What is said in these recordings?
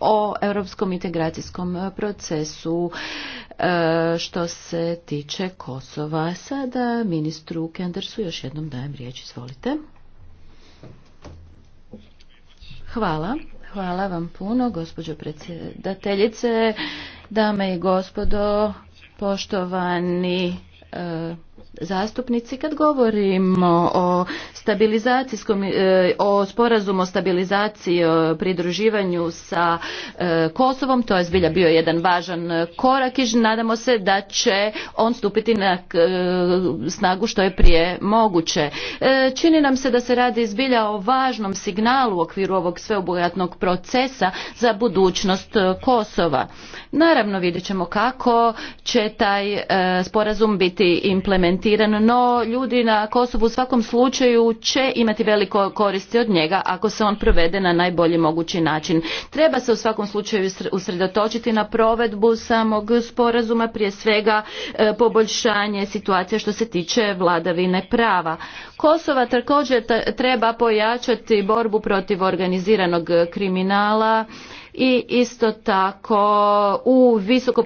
o europskom integracijskom procesu e, što se tiče Kosova. Sada ministru Kendersu još jednom dajem riječ, izvolite. Hvala. Hvala vam puno, gospođo predsjedateljice, dame i gospodo, poštovani e, zastupnici kad govorimo o stabilizacijskom e, o sporazumu o stabilizaciji o pridruživanju sa e, Kosovom to je zbilja bio jedan važan korak i nadamo se da će on stupiti na e, snagu što je prije moguće čini nam se da se radi zbilja o važnom signalu u okviru ovog sveobuhvatnog procesa za budućnost Kosova naravno vidjet ćemo kako će taj sporazum biti implementiran no ljudi na Kosovu u svakom slučaju će imati veliko koristi od njega ako se on provede na najbolji mogući način. Treba se u svakom slučaju usredotočiti na provedbu samog sporazuma, prije svega e, poboljšanje situacije što se tiče vladavine prava. Kosova također treba pojačati borbu protiv organiziranog kriminala, i isto tako u visoko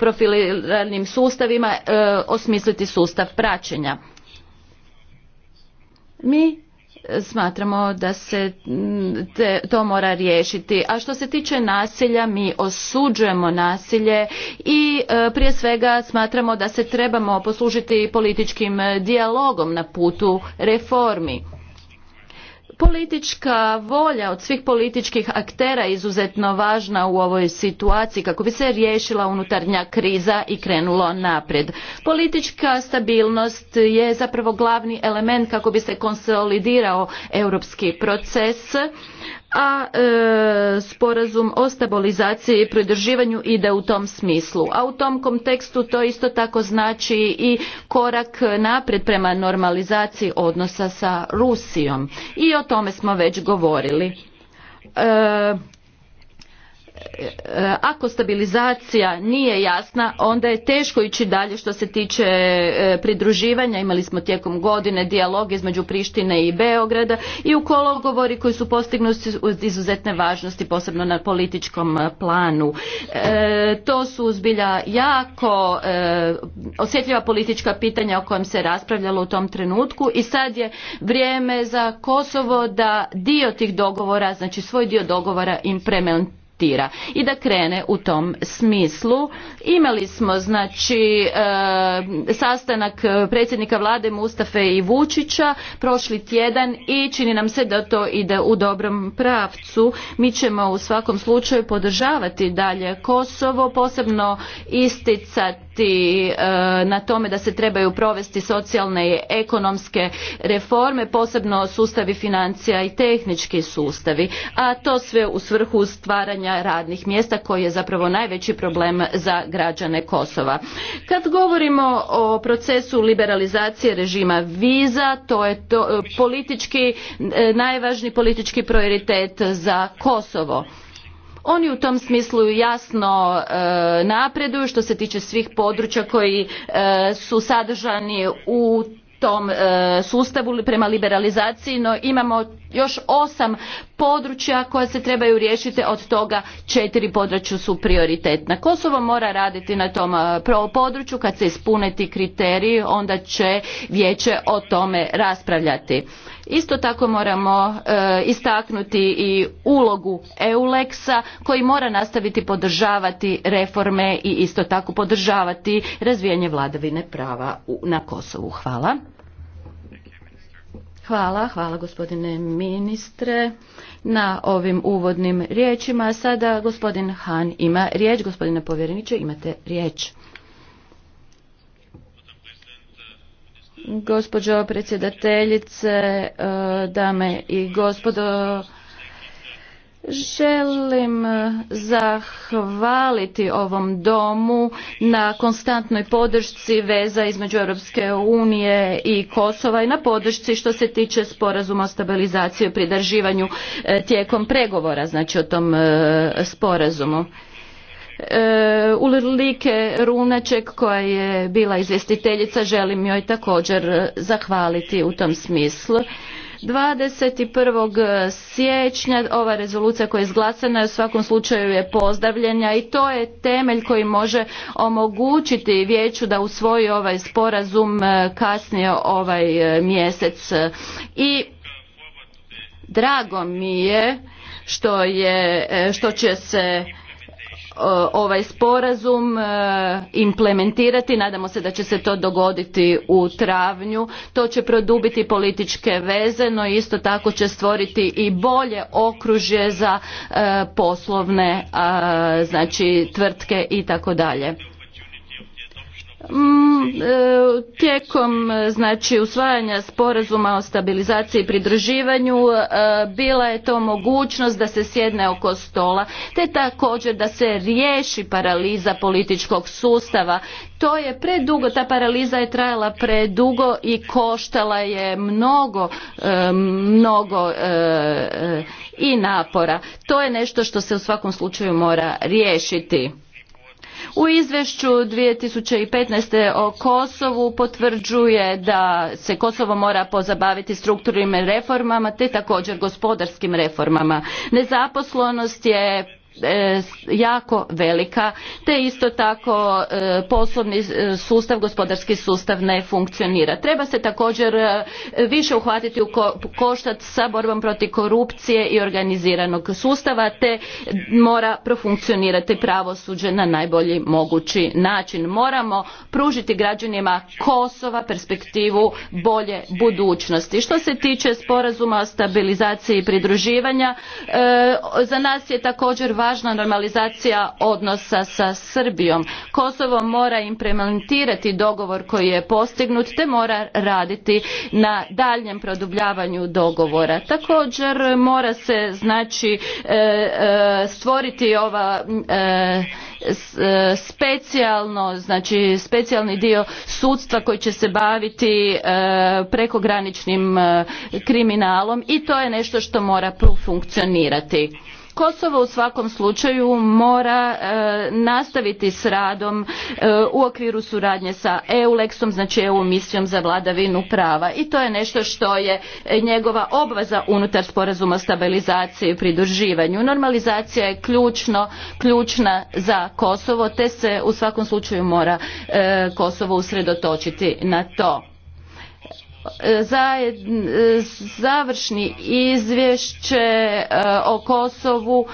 sustavima e, osmisliti sustav praćenja. Mi smatramo da se to mora riješiti. A što se tiče nasilja, mi osuđujemo nasilje i e, prije svega smatramo da se trebamo poslužiti političkim dijalogom na putu reformi politička volja od svih političkih aktera izuzetno važna u ovoj situaciji kako bi se riješila unutarnja kriza i krenulo naprijed. Politička stabilnost je zapravo glavni element kako bi se konsolidirao europski proces a e, sporazum o stabilizaciji i pridruživanju ide u tom smislu. A u tom kontekstu to isto tako znači i korak naprijed prema normalizaciji odnosa sa Rusijom. I o tome smo već govorili. E, ako stabilizacija nije jasna onda je teško ići dalje što se tiče e, pridruživanja imali smo tijekom godine dijalog između Prištine i Beograda i u kologovori koji su postignuti uz izuzetne važnosti posebno na političkom e, planu e, to su zbilja jako osjetljiva politička pitanja o kojem se raspravljalo u tom trenutku i sad je vrijeme za Kosovo da dio tih dogovora znači svoj dio dogovora implementira tira i da krene u tom smislu. Imali smo znači e, sastanak predsjednika vlade Mustafe i Vučića prošli tjedan i čini nam se da to ide u dobrom pravcu. Mi ćemo u svakom slučaju podržavati dalje Kosovo, posebno isticati inzistirati e, na tome da se trebaju provesti socijalne i ekonomske reforme, posebno sustavi financija i tehnički sustavi, a to sve u svrhu stvaranja radnih mjesta koji je zapravo najveći problem za građane Kosova. Kad govorimo o procesu liberalizacije režima viza, to je to e, politički e, najvažniji politički prioritet za Kosovo oni u tom smislu jasno e, napreduju što se tiče svih područja koji e, su sadržani u tom e, sustavu prema liberalizaciji no imamo još osam područja koja se trebaju riješiti od toga četiri područja su prioritetna. Kosovo mora raditi na tom području kad se ispune ti kriteriji onda će vijeće o tome raspravljati. Isto tako moramo e, istaknuti i ulogu EULEX-a koji mora nastaviti podržavati reforme i isto tako podržavati razvijanje vladavine prava na Kosovu. Hvala. Hvala, hvala gospodine ministre na ovim uvodnim riječima. Sada gospodin Han ima riječ, gospodine povjereniče imate riječ. Gospođo predsjedateljice, e, dame i gospodo, Želim zahvaliti ovom domu na konstantnoj podršci veza između Europske unije i Kosova i na podršci što se tiče sporazuma o stabilizaciji i pridrživanju e, tijekom pregovora, znači o tom e, sporazumu u e, Ulrike Runeček koja je bila izvjestiteljica želim joj također zahvaliti u tom smislu. 21. siječnja ova rezolucija koja je izglasana u svakom slučaju je pozdravljena i to je temelj koji može omogućiti vijeću da usvoji ovaj sporazum e, kasnije ovaj e, mjesec. I drago mi je što, je, što će se E, ovaj sporazum e, implementirati. Nadamo se da će se to dogoditi u travnju. To će produbiti političke veze, no isto tako će stvoriti i bolje okružje za e, poslovne znači tvrtke i tako dalje. Mm, e, tijekom e, znači usvajanja sporazuma o stabilizaciji i pridruživanju e, bila je to mogućnost da se sjedne oko stola te također da se riješi paraliza političkog sustava to je predugo ta paraliza je trajala predugo i koštala je mnogo mnogo i napora to je nešto što se u svakom slučaju mora riješiti u izvješću 2015. o Kosovu potvrđuje da se Kosovo mora pozabaviti strukturnim reformama te također gospodarskim reformama. Nezaposlenost je E, jako velika te isto tako e, poslovni e, sustav gospodarski sustav ne funkcionira treba se također više uhvatiti u koštac sa borbom protiv korupcije i organiziranog sustava te mora profunkcionirati pravosuđe na najbolji mogući način moramo pružiti građanima Kosova perspektivu bolje budućnosti što se tiče sporazuma o stabilizaciji i pridruživanja za nas je također važna normalizacija odnosa sa Srbijom. Kosovo mora implementirati dogovor koji je postignut te mora raditi na daljnjem produbljavanju dogovora. Također mora se znači e, e, stvoriti ova e, specijalno znači specijalni dio sudstva koji će se baviti prekograničnim kriminalom i to je nešto što mora profunkcionirati Kosovo u svakom slučaju mora e, nastaviti s radom e, u okviru suradnje sa EULEX-om, znači EU misijom za vladavinu prava i to je nešto što je njegova obveza unutar sporazuma stabilizacije stabilizaciji i pridruživanju. Normalizacija je ključno, ključna za Kosovo te se u svakom slučaju mora e, Kosovo usredotočiti na to. E, e, završni izvješće e, o Kosovu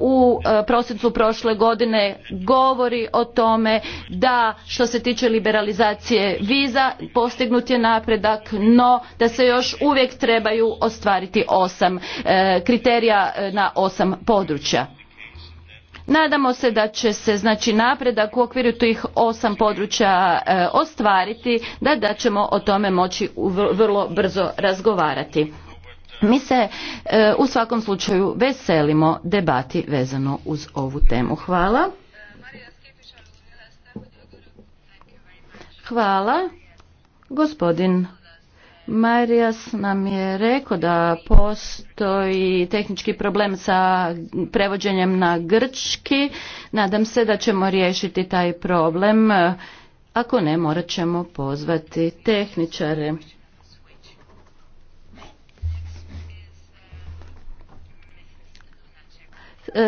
u prosincu prošle godine govori o tome da što se tiče liberalizacije viza postignut je napredak no da se još uvijek trebaju ostvariti osam kriterija na osam područja Nadamo se da će se znači napredak u okviru tih osam područja e, ostvariti, da, da ćemo o tome moći vrlo brzo razgovarati. Mi se e, u svakom slučaju veselimo debati vezano uz ovu temu. Hvala. Hvala. Gospodin Marijas nam je rekao da postoji tehnički problem sa prevođenjem na grčki. Nadam se da ćemo riješiti taj problem. Ako ne, morat ćemo pozvati tehničare. E,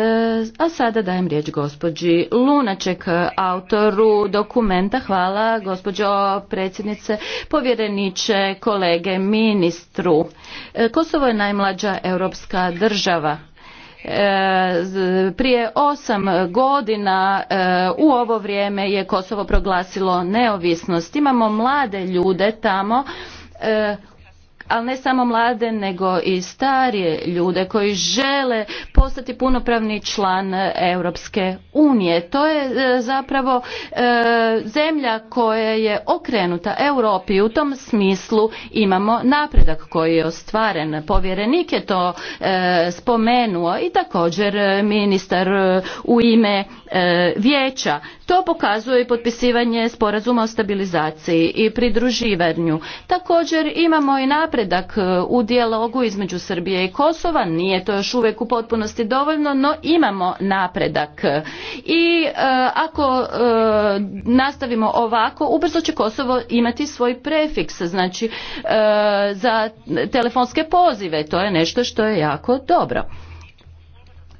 a sada dajem riječ gospođi Lunaček, autoru dokumenta. Hvala gospođo predsjednice, povjereniče, kolege, ministru. E, Kosovo je najmlađa europska država. E, prije osam godina u ovo vrijeme je Kosovo proglasilo neovisnost. Imamo mlade ljude tamo ali ne samo mlade nego i starije ljude koji žele postati punopravni član Europske unije. To je e, zapravo e, zemlja koja je okrenuta Europi u tom smislu imamo napredak koji je ostvaren. Povjerenik je to e, spomenuo i također ministar u ime vijeća. To pokazuje i potpisivanje sporazuma o stabilizaciji i pridruživanju. Također imamo i napredak napredak e, u dijalogu između Srbije i Kosova, nije to još uvijek u potpunosti dovoljno, no imamo napredak. I e, ako e, nastavimo ovako, ubrzo će Kosovo imati svoj prefiks, znači za telefonske pozive, to je nešto što je jako dobro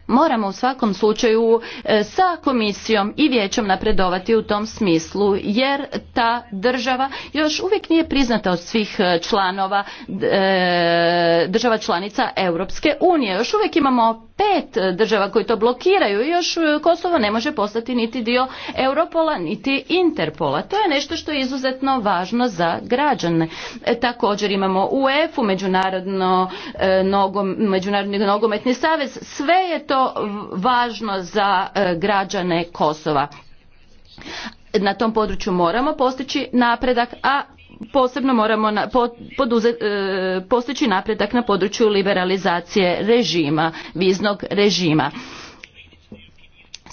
moramo u svakom slučaju e, sa komisijom i vijećem napredovati u tom smislu jer ta država još uvijek nije priznata od svih e, članova e, država članica Europske unije. Još uvijek imamo pet država koji to blokiraju i još Kosovo ne može postati niti dio Europola niti Interpola. To je nešto što je izuzetno važno za građane. Također imamo UEF-u, Međunarodno, Međunarodni nogometni savez, sve je to to važno za e, građane Kosova. Na tom području moramo postići napredak, a posebno moramo e, postići napredak na području liberalizacije režima, viznog režima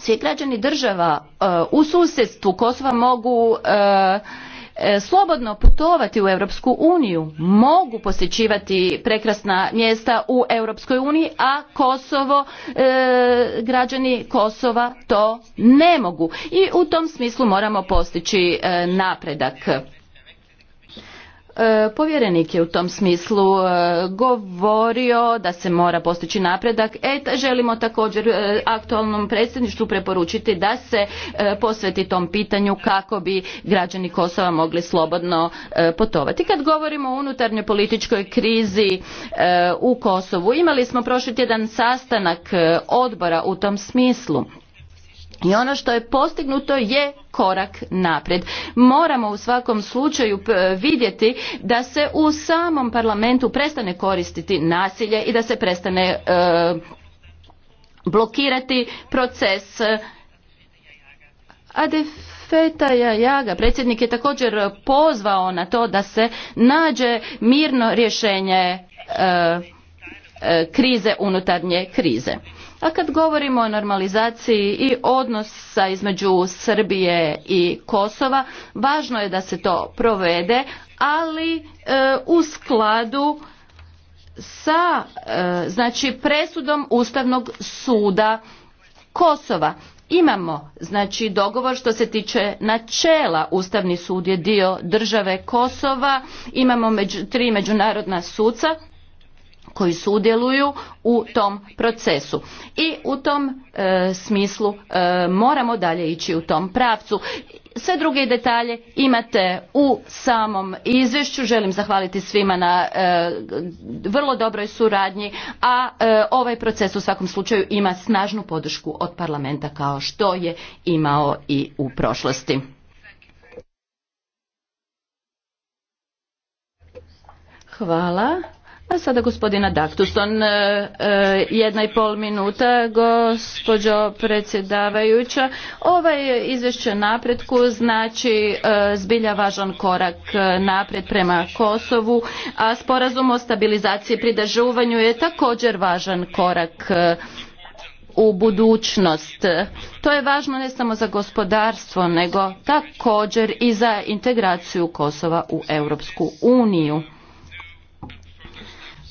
svi građani država e, u susjedstvu Kosova mogu E, slobodno putovati u Europsku uniju, mogu posjećivati prekrasna mjesta u Europskoj uniji, a Kosovo, e, građani Kosova to ne mogu. I u tom smislu moramo postići e, napredak. E, povjerenik je u tom smislu e, govorio da se mora postići napredak. E, želimo također e, aktualnom predsjedništvu preporučiti da se posveti tom pitanju kako bi građani Kosova mogli slobodno putovati. Kad govorimo o unutarnjoj političkoj krizi u Kosovu, imali smo prošli tjedan sastanak odbora u tom smislu i ono što je postignuto je korak naprijed. Moramo u svakom slučaju vidjeti da se u samom parlamentu prestane koristiti nasilje i da se prestane e, blokirati proces Adefeta Jaga, predsjednik je također pozvao na to da se nađe mirno rješenje e, e, krize unutarnje krize a kad govorimo o normalizaciji i odnosa između Srbije i Kosova, važno je da se to provede, ali e, u skladu sa e, znači presudom Ustavnog suda Kosova. Imamo znači dogovor što se tiče načela Ustavni sud je dio države Kosova, imamo tri međunarodna suca koji sudjeluju u tom procesu i u tom e, smislu e, moramo dalje ići u tom pravcu sve druge detalje imate u samom izvješću želim zahvaliti svima na e, vrlo dobroj suradnji a ovaj proces u svakom slučaju ima snažnu podršku od parlamenta kao što je imao i u prošlosti hvala a sada gospodina Daktuston, e, e, jedna i pol minuta, gospođo predsjedavajuća. Ovaj izvješće napretku znači e, zbilja važan korak naprijed prema Kosovu, a sporazum o stabilizaciji i pridržavanju je također važan korak u budućnost. To je važno ne samo za gospodarstvo, nego također i za integraciju Kosova u Europsku uniju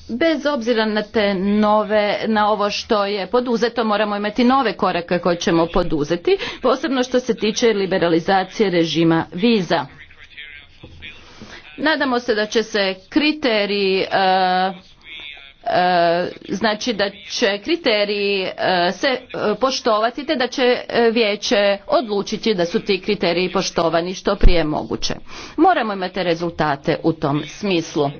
bez obzira na te nove, na ovo što je poduzeto, moramo imati nove korake koje ćemo poduzeti, posebno što se tiče liberalizacije režima viza. Nadamo se da će se kriteriji e, e, znači da će kriteriji e, se poštovati te da će vijeće odlučiti da su ti kriteriji poštovani što prije moguće. Moramo imati rezultate u tom smislu.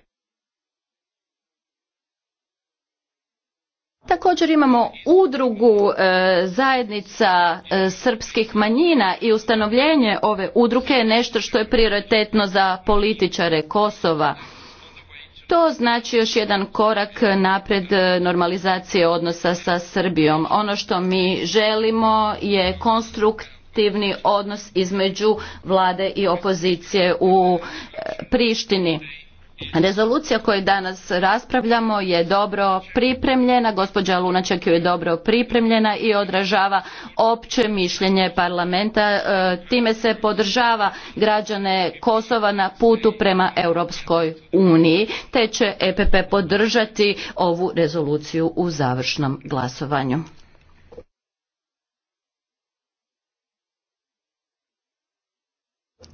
Također imamo udrugu e, zajednica e, srpskih manjina i ustanovljenje ove udruge je nešto što je prioritetno za političare Kosova. To znači još jedan korak napred e, normalizacije odnosa sa Srbijom. Ono što mi želimo je konstruktivni odnos između vlade i opozicije u Prištini Rezolucija koju danas raspravljamo je dobro pripremljena, gospođa Lunaček je dobro pripremljena i odražava opće mišljenje parlamenta. E, time se podržava građane Kosova na putu prema Europskoj uniji, te će EPP podržati ovu rezoluciju u završnom glasovanju.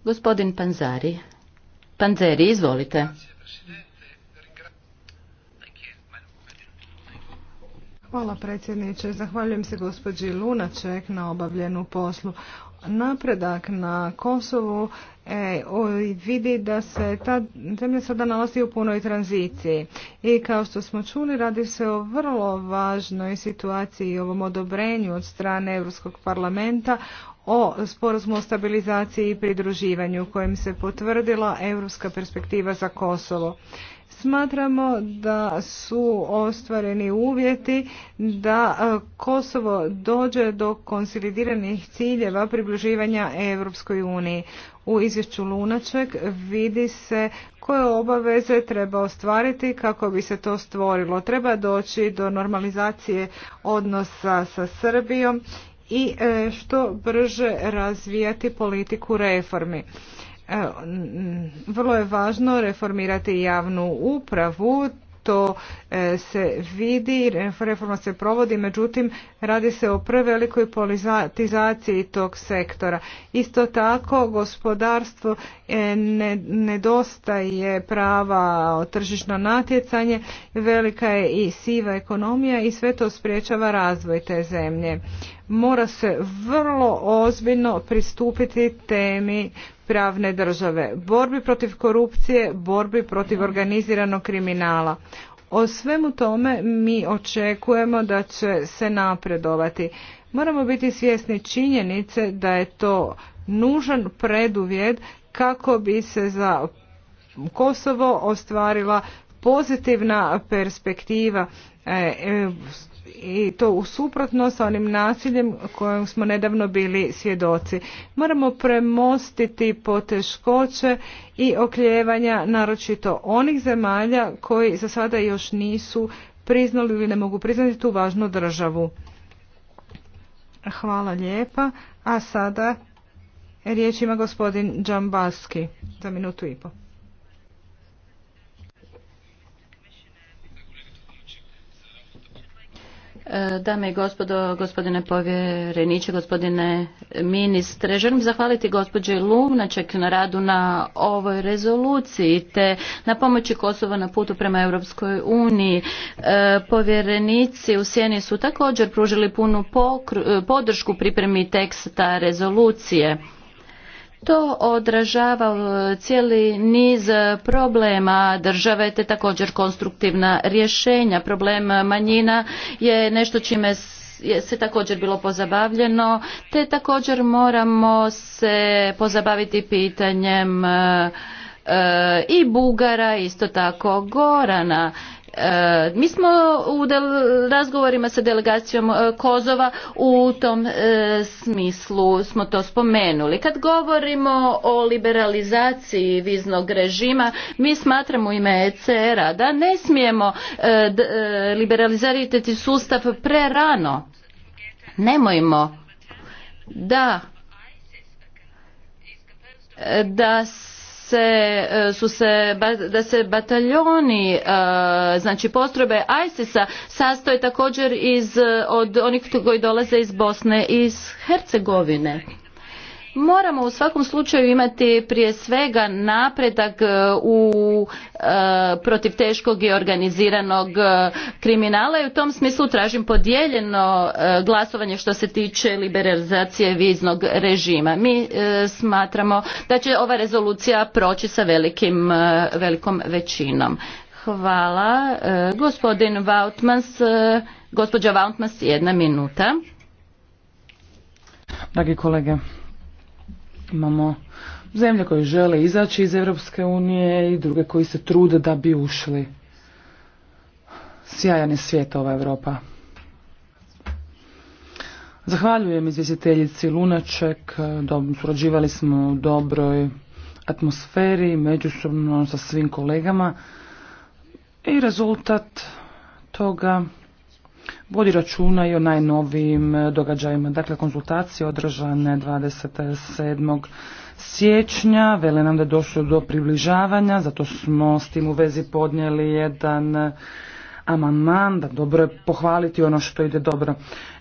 Gospodin Panzari. Panzeri, izvolite. Hvala predsjedniče. Zahvaljujem se gospođi Lunaček na obavljenu poslu. Napredak na Kosovu e, vidi da se ta zemlja sada nalazi u punoj tranziciji. I kao što smo čuli, radi se o vrlo važnoj situaciji i ovom odobrenju od strane Europskog parlamenta o sporazumu o stabilizaciji i pridruživanju kojim se potvrdila europska perspektiva za Kosovo. Smatramo da su ostvareni uvjeti da e, Kosovo dođe do konsolidiranih ciljeva približivanja Europskoj uniji. U izvješću Lunaček vidi se koje obaveze treba ostvariti kako bi se to stvorilo. Treba doći do normalizacije odnosa sa Srbijom i e, što brže razvijati politiku reformi. Vrlo je važno reformirati javnu upravu, to e, se vidi, reforma se provodi, međutim radi se o prevelikoj politizaciji tog sektora. Isto tako gospodarstvo e, nedostaje prava tržišno natjecanje, velika je i siva ekonomija i sve to spriječava razvoj te zemlje mora se vrlo ozbiljno pristupiti temi pravne države, borbi protiv korupcije, borbi protiv organiziranog kriminala. O svemu tome mi očekujemo da će se napredovati. Moramo biti svjesni činjenice da je to nužan preduvjet kako bi se za Kosovo ostvarila pozitivna perspektiva e, e, i to u suprotno sa onim nasiljem kojem smo nedavno bili svjedoci. Moramo premostiti poteškoće i okljevanja naročito onih zemalja koji za sada još nisu priznali ili ne mogu priznati tu važnu državu. Hvala lijepa. A sada riječ ima gospodin Džambaski za minutu i pol. E, dame i gospodo, gospodine povjereniče, gospodine ministre, želim zahvaliti gospođi lunacek na radu na ovoj rezoluciji te na pomoći Kosova na putu prema Europskoj uniji. E, povjerenici u Sjeni su također pružili punu e, podršku pripremi teksta rezolucije. To odražava e, cijeli niz problema države te također konstruktivna rješenja. Problem manjina je nešto čime se također bilo pozabavljeno te također moramo se pozabaviti pitanjem e, e, i Bugara, isto tako Gorana E, mi smo u razgovorima sa delegacijom e, Kozova u tom e, smislu smo to spomenuli. Kad govorimo o liberalizaciji viznog režima, mi smatramo ime ECR-a da ne smijemo liberalizirati sustav prerano. Nemojmo da da se, e, su se, da se bataljoni, e, znači postrojbe ISIS-a sastoje također iz, e, od onih koji dolaze iz Bosne i iz Hercegovine. Moramo u svakom slučaju imati prije svega napredak e, u e, protiv teškog i organiziranog e, kriminala i u tom smislu tražim podijeljeno glasovanje što se tiče liberalizacije viznog režima. Mi smatramo da će ova rezolucija proći sa velikim, velikom većinom. Hvala. Gospodin Vautmans, gospođa Vautmans, jedna minuta. Dragi kolege, Imamo zemlje koje žele izaći iz Europske unije i druge koji se trude da bi ušli. Sjajan je svijet ova Europa. Zahvaljujem izvjestiteljici Lunaček, surađivali smo u dobroj atmosferi, međusobno sa svim kolegama i rezultat toga vodi računa i o najnovijim e, događajima. Dakle, konzultacije održane 27. siječnja vele nam da je došlo do približavanja, zato smo s tim u vezi podnijeli jedan e, amandman, da dobro je pohvaliti ono što ide dobro.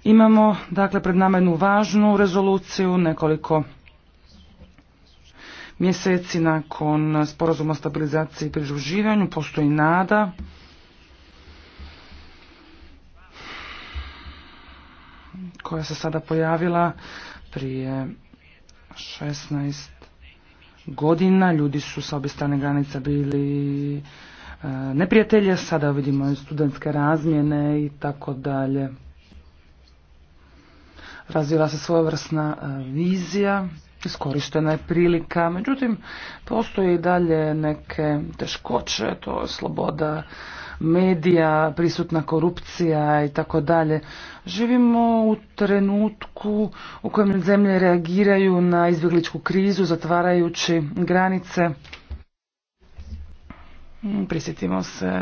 Imamo, dakle, pred nama jednu važnu rezoluciju, nekoliko mjeseci nakon sporazuma o stabilizaciji i pridruživanju postoji nada koja se sada pojavila prije 16 godina. Ljudi su sa obje strane granica bili e, neprijatelje, sada vidimo i studentske razmjene i tako dalje. Razvila se svojevrsna e, vizija, iskorištena je prilika, međutim postoje i dalje neke teškoće, to je sloboda medija, prisutna korupcija i tako dalje. Živimo u trenutku u kojem zemlje reagiraju na izbjegličku krizu zatvarajući granice. Prisjetimo se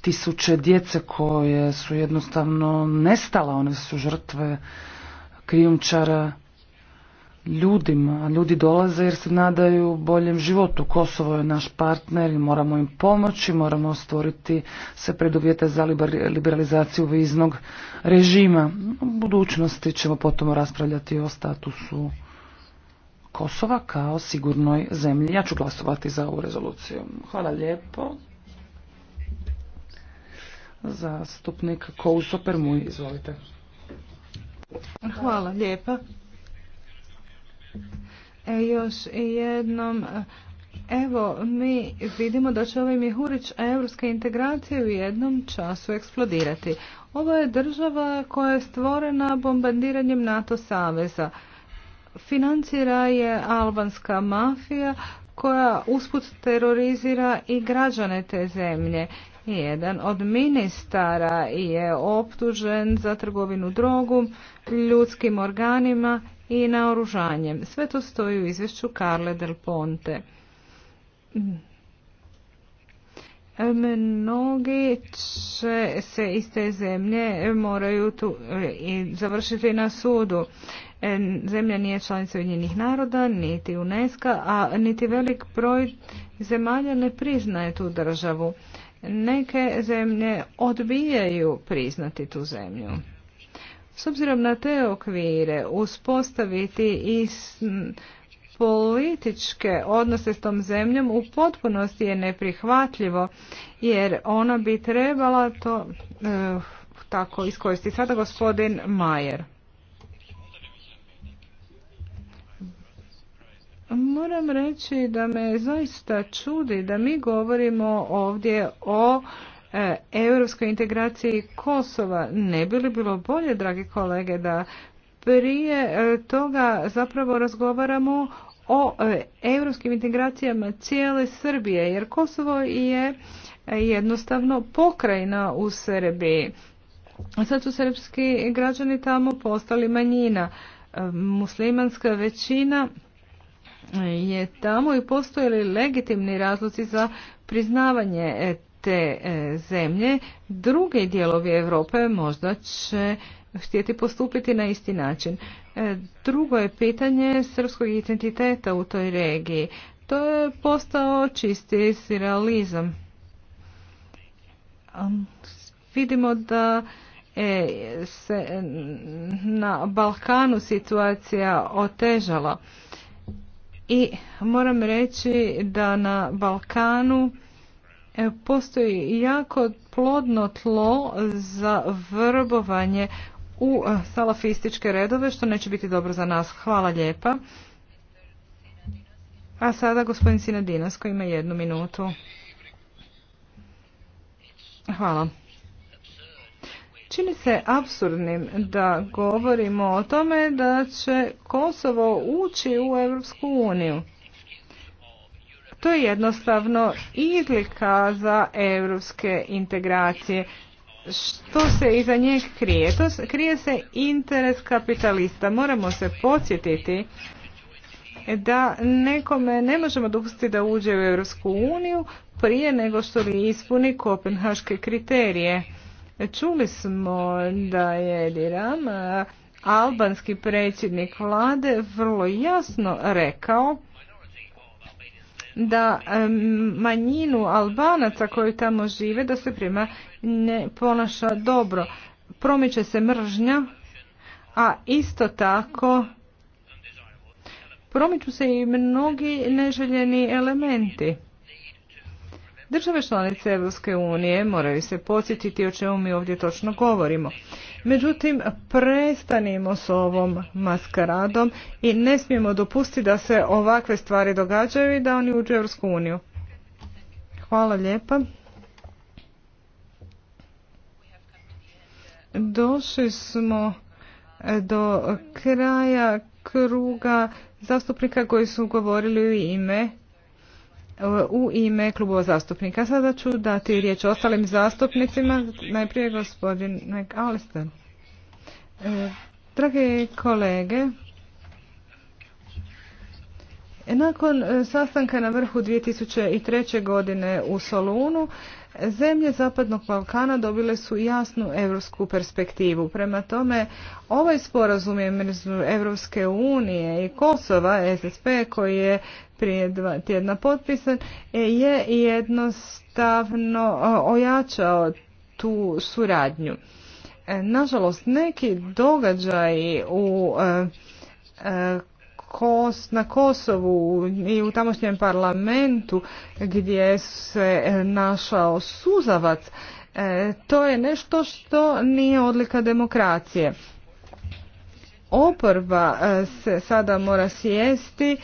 tisuće djece koje su jednostavno nestala, one su žrtve krijumčara ljudima. Ljudi dolaze jer se nadaju boljem životu. Kosovo je naš partner i moramo im pomoći, moramo stvoriti se preduvjete za liberalizaciju viznog režima. U budućnosti ćemo potom raspravljati o statusu Kosova kao sigurnoj zemlji. Ja ću glasovati za ovu rezoluciju. Hvala lijepo. Zastupnik Kouso izvolite. Hvala lijepa. E, još jednom Evo, mi vidimo da će ovaj mihurić europske integracije u jednom času eksplodirati. Ovo je država koja je stvorena bombardiranjem NATO saveza. Financira je albanska mafija koja usput terorizira i građane te zemlje. Jedan od ministara je optužen za trgovinu drogom, ljudskim organima i naoružanjem. Sve to stoji u izvješću Carle del Ponte. Mnogi će se iz te zemlje e, moraju tu e, i završiti na sudu. E, zemlja nije članica Ujedinjenih naroda, niti UNESCO, a niti velik broj zemalja ne priznaje tu državu. Neke zemlje odbijaju priznati tu zemlju. S obzirom na te okvire uspostaviti i političke odnose s tom zemljom u potpunosti je neprihvatljivo jer ona bi trebala to e, tako iskoristiti. Sada gospodin Majer. Moram reći da me zaista čudi da mi govorimo ovdje o E, europskoj integraciji Kosova. Ne bi li bilo bolje, dragi kolege, da prije e, toga zapravo razgovaramo o e, europskim integracijama cijele Srbije, jer Kosovo je jednostavno pokrajina u Srbiji. Sad su srpski građani tamo postali manjina. Muslimanska većina je tamo i postoje legitimni razloci za priznavanje te e, zemlje, druge dijelovi Europe možda će htjeti postupiti na isti način. E, drugo je pitanje srpskog identiteta u toj regiji. To je postao čisti sirealizam. Vidimo da e, se na Balkanu situacija otežala. I moram reći da na Balkanu E, postoji jako plodno tlo za vrbovanje u e, salafističke redove, što neće biti dobro za nas. Hvala lijepa. A sada gospodin Sinadinas koji ima jednu minutu. Hvala. Čini se absurdnim da govorimo o tome da će Kosovo ući u Europsku uniju. To je jednostavno izlika za europske integracije. Što se iza njih krije? To krije se interes kapitalista. Moramo se podsjetiti da nekome ne možemo dopustiti da uđe u Europsku uniju prije nego što li ispuni kopenhaške kriterije. Čuli smo da je Diram, albanski predsjednik vlade, vrlo jasno rekao da manjinu Albanaca koji tamo žive da se prema ne ponaša dobro. Promiče se mržnja, a isto tako promiču se i mnogi neželjeni elementi. Države članice Europske unije moraju se podsjetiti o čemu mi ovdje točno govorimo. Međutim, prestanimo s ovom maskaradom i ne smijemo dopustiti da se ovakve stvari događaju i da oni uđu u Europsku uniju. Hvala lijepa. Došli smo e, do kraja kruga zastupnika koji su govorili u ime u ime klubova zastupnika. Sada ću dati riječ ostalim zastupnicima. Najprije gospodin McAllister. E, drage kolege, nakon e, sastanka na vrhu 2003. godine u Solunu, zemlje Zapadnog Balkana dobile su jasnu europsku perspektivu. Prema tome, ovaj sporazum je među Evropske unije i Kosova, SSP, koji je prije dva tjedna potpisan, je jednostavno e, ojačao tu suradnju. E, nažalost, neki događaji u e, Kos, na Kosovu i u tamošnjem parlamentu gdje se našao suzavac, e, to je nešto što nije odlika demokracije. Oporba e, se sada mora sjesti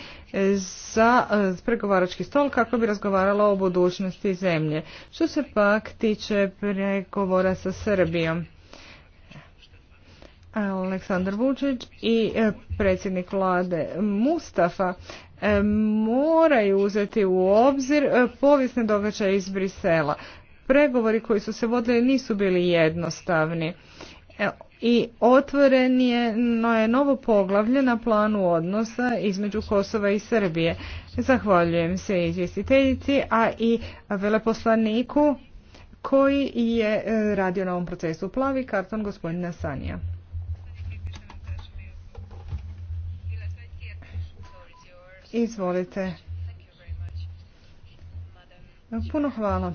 za e, pregovarački stol kako bi razgovarala o budućnosti zemlje. Što se pak tiče pregovora sa Srbijom? Aleksandar Vučić i e, predsjednik vlade Mustafa e, moraju uzeti u obzir e, povijesne događaje iz Brisela. Pregovori koji su se vodili nisu bili jednostavni i otvoren je, no je novo poglavlje na planu odnosa između Kosova i Srbije. Zahvaljujem se izvjestiteljici, a i veleposlaniku koji je radio na ovom procesu. Plavi karton gospodina Sanija. Izvolite. Puno hvala.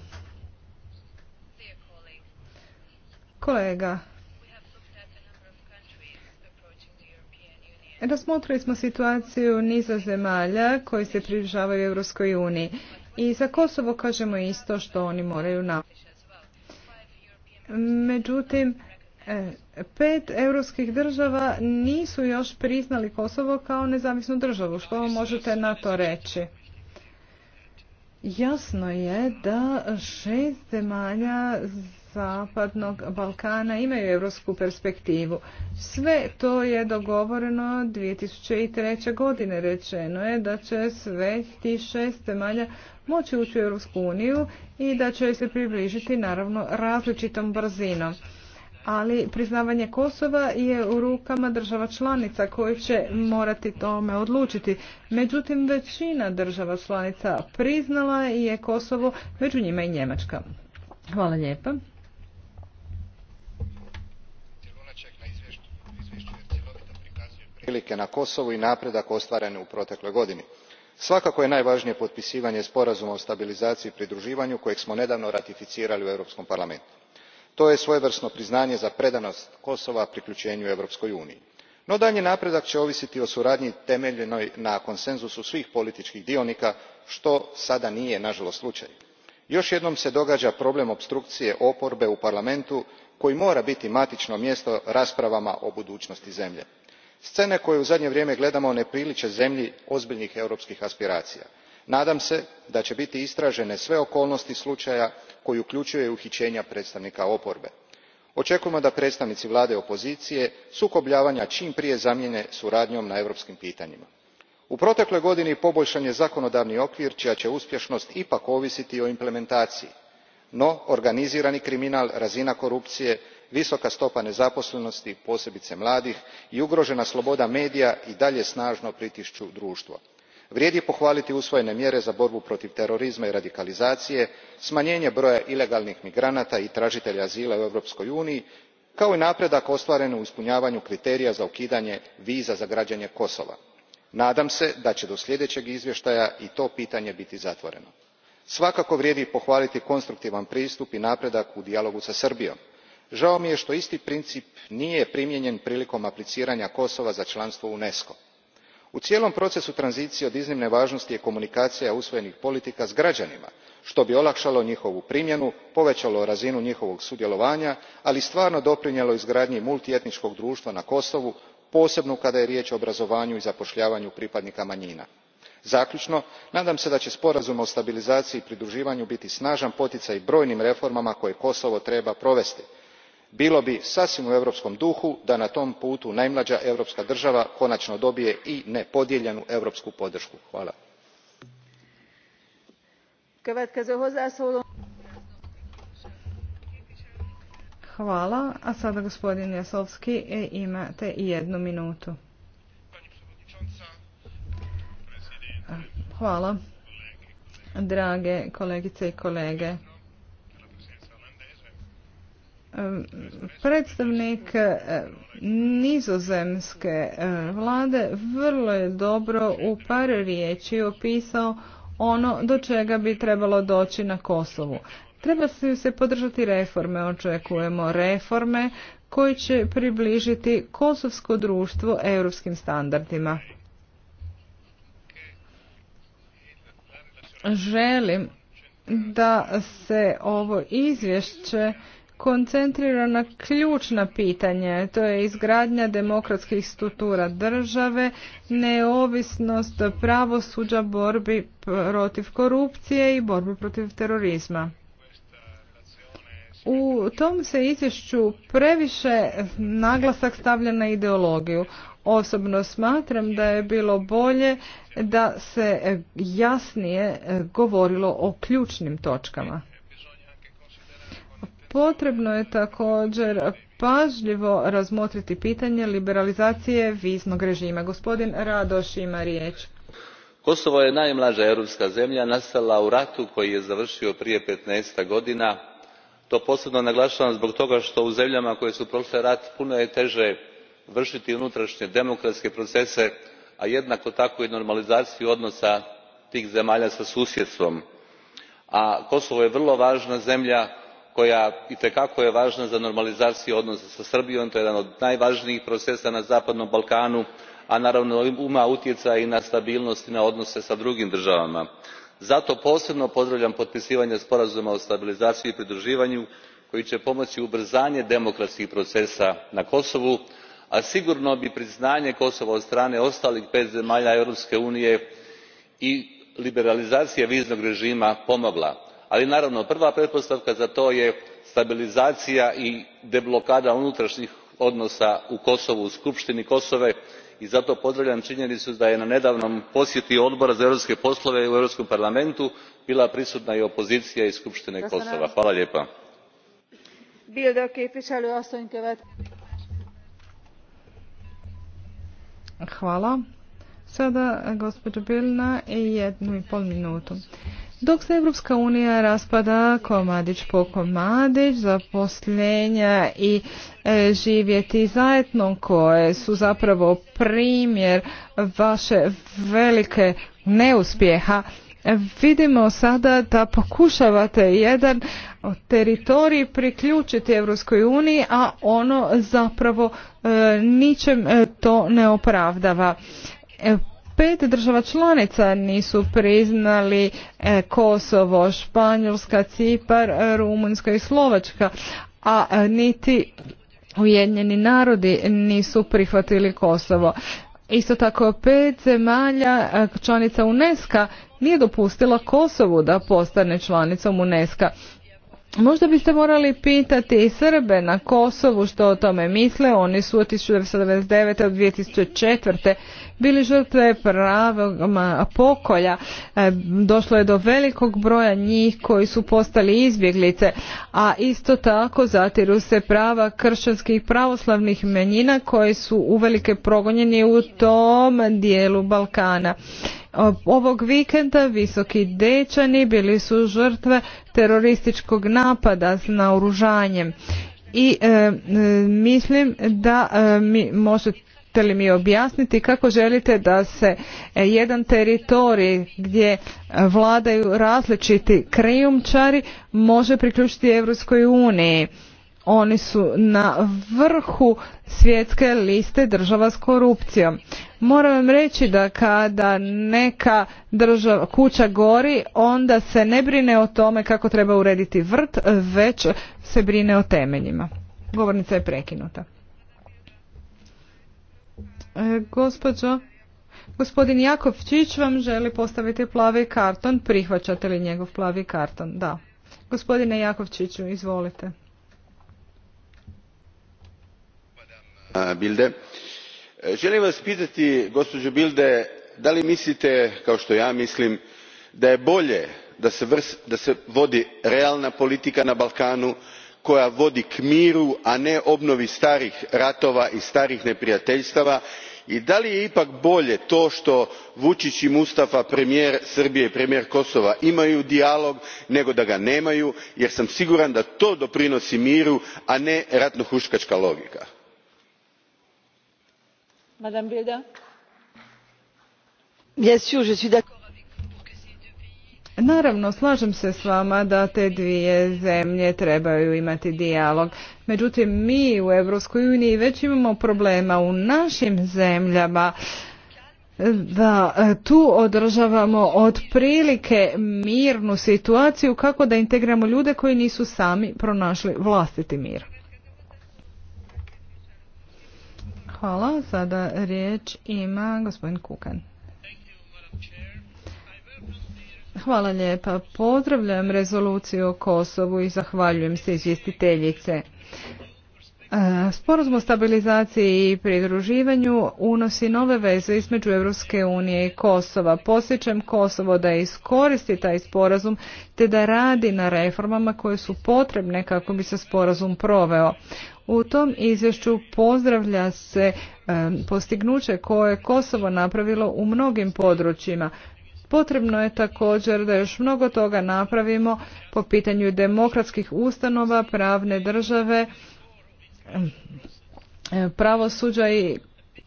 Kolega, Razmotrili smo situaciju niza zemalja koji se približavaju Europskoj uniji i za Kosovo kažemo isto što oni moraju na. Međutim, E, pet europskih država nisu još priznali Kosovo kao nezavisnu državu. Što možete na to reći? Jasno je da šest zemalja Zapadnog Balkana imaju europsku perspektivu. Sve to je dogovoreno 2003. godine. Rečeno je da će sve ti šest zemalja moći ući u EU uniju i da će se približiti naravno različitom brzinom ali priznavanje Kosova je u rukama država članica koji će morati tome odlučiti. Međutim, većina država članica priznala je Kosovo, među njima i Njemačka. Hvala lijepa. prilike na kosovu i napredak ostvaren u protekloj godini. svakako je najvažnije potpisivanje sporazuma o stabilizaciji i pridruživanju kojeg smo nedavno ratificirali u europskom parlamentu to je svojevrsno priznanje za predanost kosova prikljuenju europskoj uniji. no daljnji napredak će ovisiti o suradnji temeljenoj na konsenzusu svih političkih dionika što sada nije naalost sluaj. Još jednom se dogaa problem opstrukcije oporbe u parlamentu koji mora biti matično mjesto raspravama o budunosti zemlje. scene koje u zadnje vrijeme gledamo ne prilie zemlji ozbiljnih europskih aspiracija nadam se da će biti istražene sve okolnosti slučaja koji uključuje uhićenja predstavnika oporbe. očekujemo da predstavnici vlade i opozicije sukobljavanja čim prije zamijene suradnjom na europskim pitanjima. u protekloj godini poboljšan je zakonodavni okvir čija će uspješnost ipak ovisiti o implementaciji no organizirani kriminal razina korupcije visoka stopa nezaposlenosti posebice mladih i ugrožena sloboda medija i dalje snažno pritišću društvo vrijedi pohvaliti usvojene mjere za borbu protiv terorizma i radikalizacije smanjenje broja ilegalnih migranata i tražitelja azila u europskoj uniji kao i napredak ostvaren u ispunjavanju kriterija za ukidanje viza za građane kosova. nadam se da će do sljedećeg izvještaja i to pitanje biti zatvoreno. svakako vrijedi pohvaliti konstruktivan pristup i napredak u dijalogu sa srbijom. žao mi je što isti princip nije primijenjen prilikom apliciranja kosova za članstvo u unesco u cijelom procesu tranzicije od iznimne važnosti je komunikacija usvojenih politika s građanima što bi olakšalo njihovu primjenu povećalo razinu njihovog sudjelovanja ali i stvarno doprinijelo izgradnji multietničkog društva na kosovu posebno kada je riječ o obrazovanju i zapošljavanju pripadnika manjina. zaključno nadam se da će sporazum o stabilizaciji i pridruživanju biti snažan poticaj brojnim reformama koje kosovo treba provesti bilo bi sasvim u europskom duhu da na tom putu najmlađa europska država konačno dobije i nepodijeljenu europsku podršku. hvala. Hvala. A sada gospodin Jasovski e, imate jednu minutu. Hvala. Drage kolegice i kolege. Predstavnik e, nizozemske e, vlade vrlo je dobro u par riječi opisao ono do čega bi trebalo doći na Kosovu. Treba se podržati reforme, očekujemo reforme koji će približiti kosovsko društvo europskim standardima. Želim da se ovo izvješće koncentrira na ključna pitanja. To je izgradnja demokratskih struktura države, neovisnost pravosuđa, borbi protiv korupcije i borbi protiv terorizma. U tom se izvješću previše naglasak stavlja na ideologiju. Osobno smatram da je bilo bolje da se jasnije govorilo o ključnim točkama. Potrebno je također pažljivo razmotriti pitanje liberalizacije viznog režima. Gospodin Radoš ima riječ. Kosovo je najmlađa europska zemlja nastala u ratu koji je završio prije 15 godina. To posebno naglašavam zbog toga što u zemljama koje su prošle rat puno je teže vršiti unutrašnje demokratske procese, a jednako tako i normalizaciju odnosa tih zemalja sa susjedstvom. A Kosovo je vrlo važna zemlja koja je i te kako važna za normalizaciju odnosa sa srbijom to je jedan od najvažnijih procesa na zapadnom balkanu a naravno ima utjecaj i na stabilnost i na odnose s drugim državama. zato posebno pozdravljam potpisivanje sporazuma o stabilizaciji i pridruživanju koji će pomoći ubrzanje demokratskih procesa na kosovu a sigurno bi priznanje kosova od strane ostalih pet zemalja europske unije i liberalizacija viznog režima pomogla ali naravno prva pretpostavka za to je stabilizacija i deblokada unutrašnjih odnosa u kosovu u skupštini Kosove. i zato pozdravljam činjenicu da je na nedavnom posjeti odbora za europske poslove u europskom parlamentu bila prisutna i opozicija iz skupštine kosova. Hvala. Sada, dok se Evropska unija raspada komadić po komadić, zaposlenja i e, živjeti zajedno koje su zapravo primjer vaše velike neuspjeha, vidimo sada da pokušavate jedan teritorij priključiti Evropskoj uniji, a ono zapravo e, ničem e, to ne opravdava pet država članica nisu priznali e, Kosovo, Španjolska, Cipar, e, Rumunjska i Slovačka, a e, niti Ujedinjeni narodi nisu prihvatili Kosovo. Isto tako pet zemalja članica UNESCO nije dopustila Kosovu da postane članicom UNESCO. Možda biste morali pitati i Srbe na Kosovu što o tome misle. Oni su od 1999. do 2004 bili žrtve pravog pokolja. E, došlo je do velikog broja njih koji su postali izbjeglice, a isto tako zatiru se prava kršćanskih pravoslavnih menjina koji su uvelike progonjeni u tom dijelu Balkana. Ovog vikenda visoki dečani bili su žrtve terorističkog napada s naoružanjem i e, mislim da e, mi možete možete li mi objasniti kako želite da se e, jedan teritorij gdje e, vladaju različiti krijumčari može priključiti Europskoj uniji? Oni su na vrhu svjetske liste država s korupcijom. Moram vam reći da kada neka država, kuća gori, onda se ne brine o tome kako treba urediti vrt, već se brine o temeljima. Govornica je prekinuta. E, gospođo, gospodin Jakovčić vam želi postaviti plavi karton. Prihvaćate li njegov plavi karton? Da. Gospodine Jakovčiću, izvolite. Bilde, e, želim vas pitati, gospođo Bilde, da li mislite, kao što ja mislim, da je bolje da se, da se vodi realna politika na Balkanu, koja vodi k miru a ne obnovi starih ratova i starih neprijateljstava i da li je ipak bolje to što vučić i mustafa premijer srbije i premijer kosova imaju dijalog nego da ga nemaju jer sam siguran da to doprinosi miru a ne ratno huškačka logika? Naravno, slažem se s vama da te dvije zemlje trebaju imati dijalog. Međutim, mi u Europskoj uniji već imamo problema u našim zemljama da e, tu održavamo otprilike mirnu situaciju kako da integramo ljude koji nisu sami pronašli vlastiti mir. Hvala. Sada riječ ima gospodin Kukan. Hvala lijepa. Pozdravljam rezoluciju o Kosovu i zahvaljujem se izvjestiteljice. E, sporazum o stabilizaciji i pridruživanju unosi nove veze između Europske unije i Kosova. Posjećam Kosovo da iskoristi taj sporazum te da radi na reformama koje su potrebne kako bi se sporazum proveo. U tom izvješću pozdravlja se e, postignuće koje je Kosovo napravilo u mnogim područjima, Potrebno je također da još mnogo toga napravimo po pitanju demokratskih ustanova, pravne države, pravosuđa i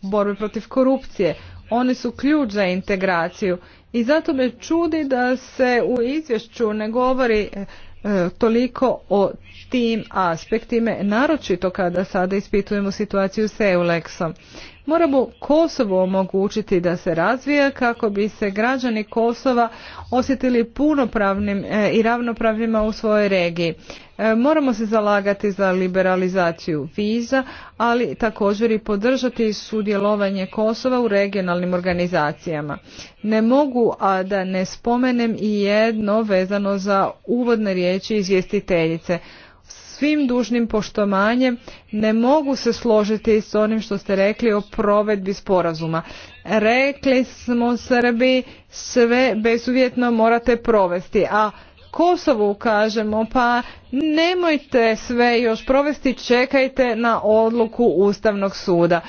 borbe protiv korupcije. Oni su ključ za integraciju i zato me čudi da se u izvješću ne govori e, toliko o tim aspektima, naročito kada sada ispitujemo situaciju s EULEX-om. Moramo Kosovo omogućiti da se razvija kako bi se građani Kosova osjetili punopravnim e, i ravnopravnima u svojoj regiji. E, moramo se zalagati za liberalizaciju viza, ali također i podržati sudjelovanje Kosova u regionalnim organizacijama. Ne mogu, a da ne spomenem i jedno vezano za uvodne riječi izvjestiteljice svim dužnim poštovanjem ne mogu se složiti s onim što ste rekli o provedbi sporazuma. Rekli smo Srbi sve bezuvjetno morate provesti, a Kosovu kažemo pa nemojte sve još provesti, čekajte na odluku Ustavnog suda.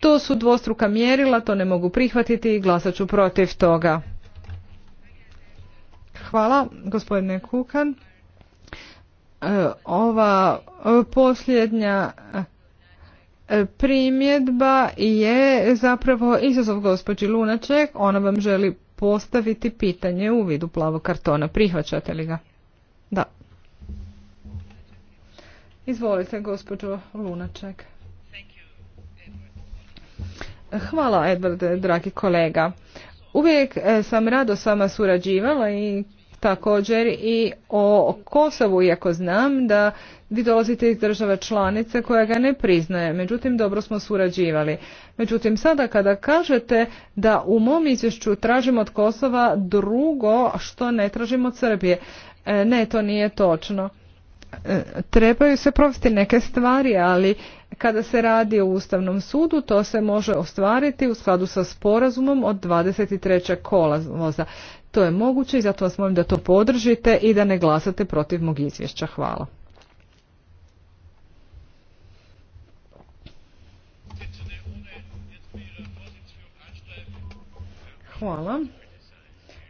To su dvostruka mjerila, to ne mogu prihvatiti i glasat ću protiv toga. Hvala, gospodine Kukan. E, ova e, posljednja e, primjedba je zapravo izazov gospođi Lunaček. Ona vam želi postaviti pitanje u vidu plavog kartona. Prihvaćate li ga? Da. Izvolite, gospođo Lunaček. Hvala, Edward, dragi kolega. Uvijek sam rado s vama surađivala i također i o Kosovu, iako znam da vi dolazite iz države članice koja ga ne priznaje. Međutim, dobro smo surađivali. Međutim, sada kada kažete da u mom izvješću tražimo od Kosova drugo što ne tražimo od Srbije, e, ne, to nije točno. E, trebaju se provesti neke stvari, ali kada se radi o Ustavnom sudu, to se može ostvariti u skladu sa sporazumom od 23. kolovoza. To je moguće i zato vas molim da to podržite i da ne glasate protiv mog izvješća. Hvala. Hvala.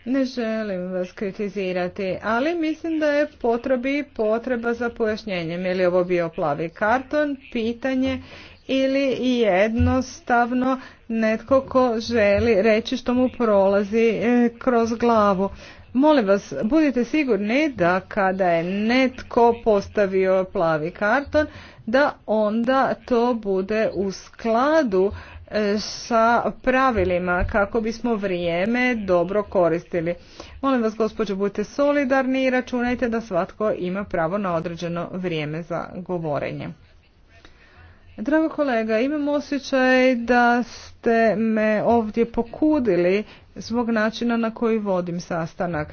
Ne želim vas kritizirati, ali mislim da je potrebi potreba za pojašnjenjem. Je li ovo bio plavi karton? Pitanje ili jednostavno netko ko želi reći što mu prolazi e, kroz glavu. Molim vas, budite sigurni da kada je netko postavio plavi karton, da onda to bude u skladu e, sa pravilima kako bismo vrijeme dobro koristili. Molim vas gospođo, budite solidarni i računajte da svatko ima pravo na određeno vrijeme za govorenje. Drago kolega, imam osjećaj da ste me ovdje pokudili zbog načina na koji vodim sastanak.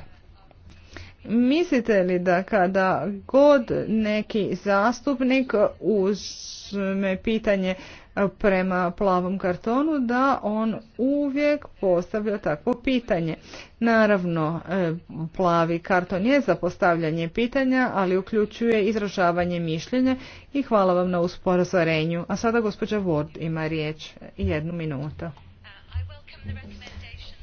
Mislite li da kada god neki zastupnik uzme pitanje prema plavom kartonu da on uvijek postavlja takvo pitanje. Naravno, e, plavi karton je za postavljanje pitanja, ali uključuje izražavanje mišljenja i hvala vam na usporazorenju. A sada gospođa Ward ima riječ jednu minutu.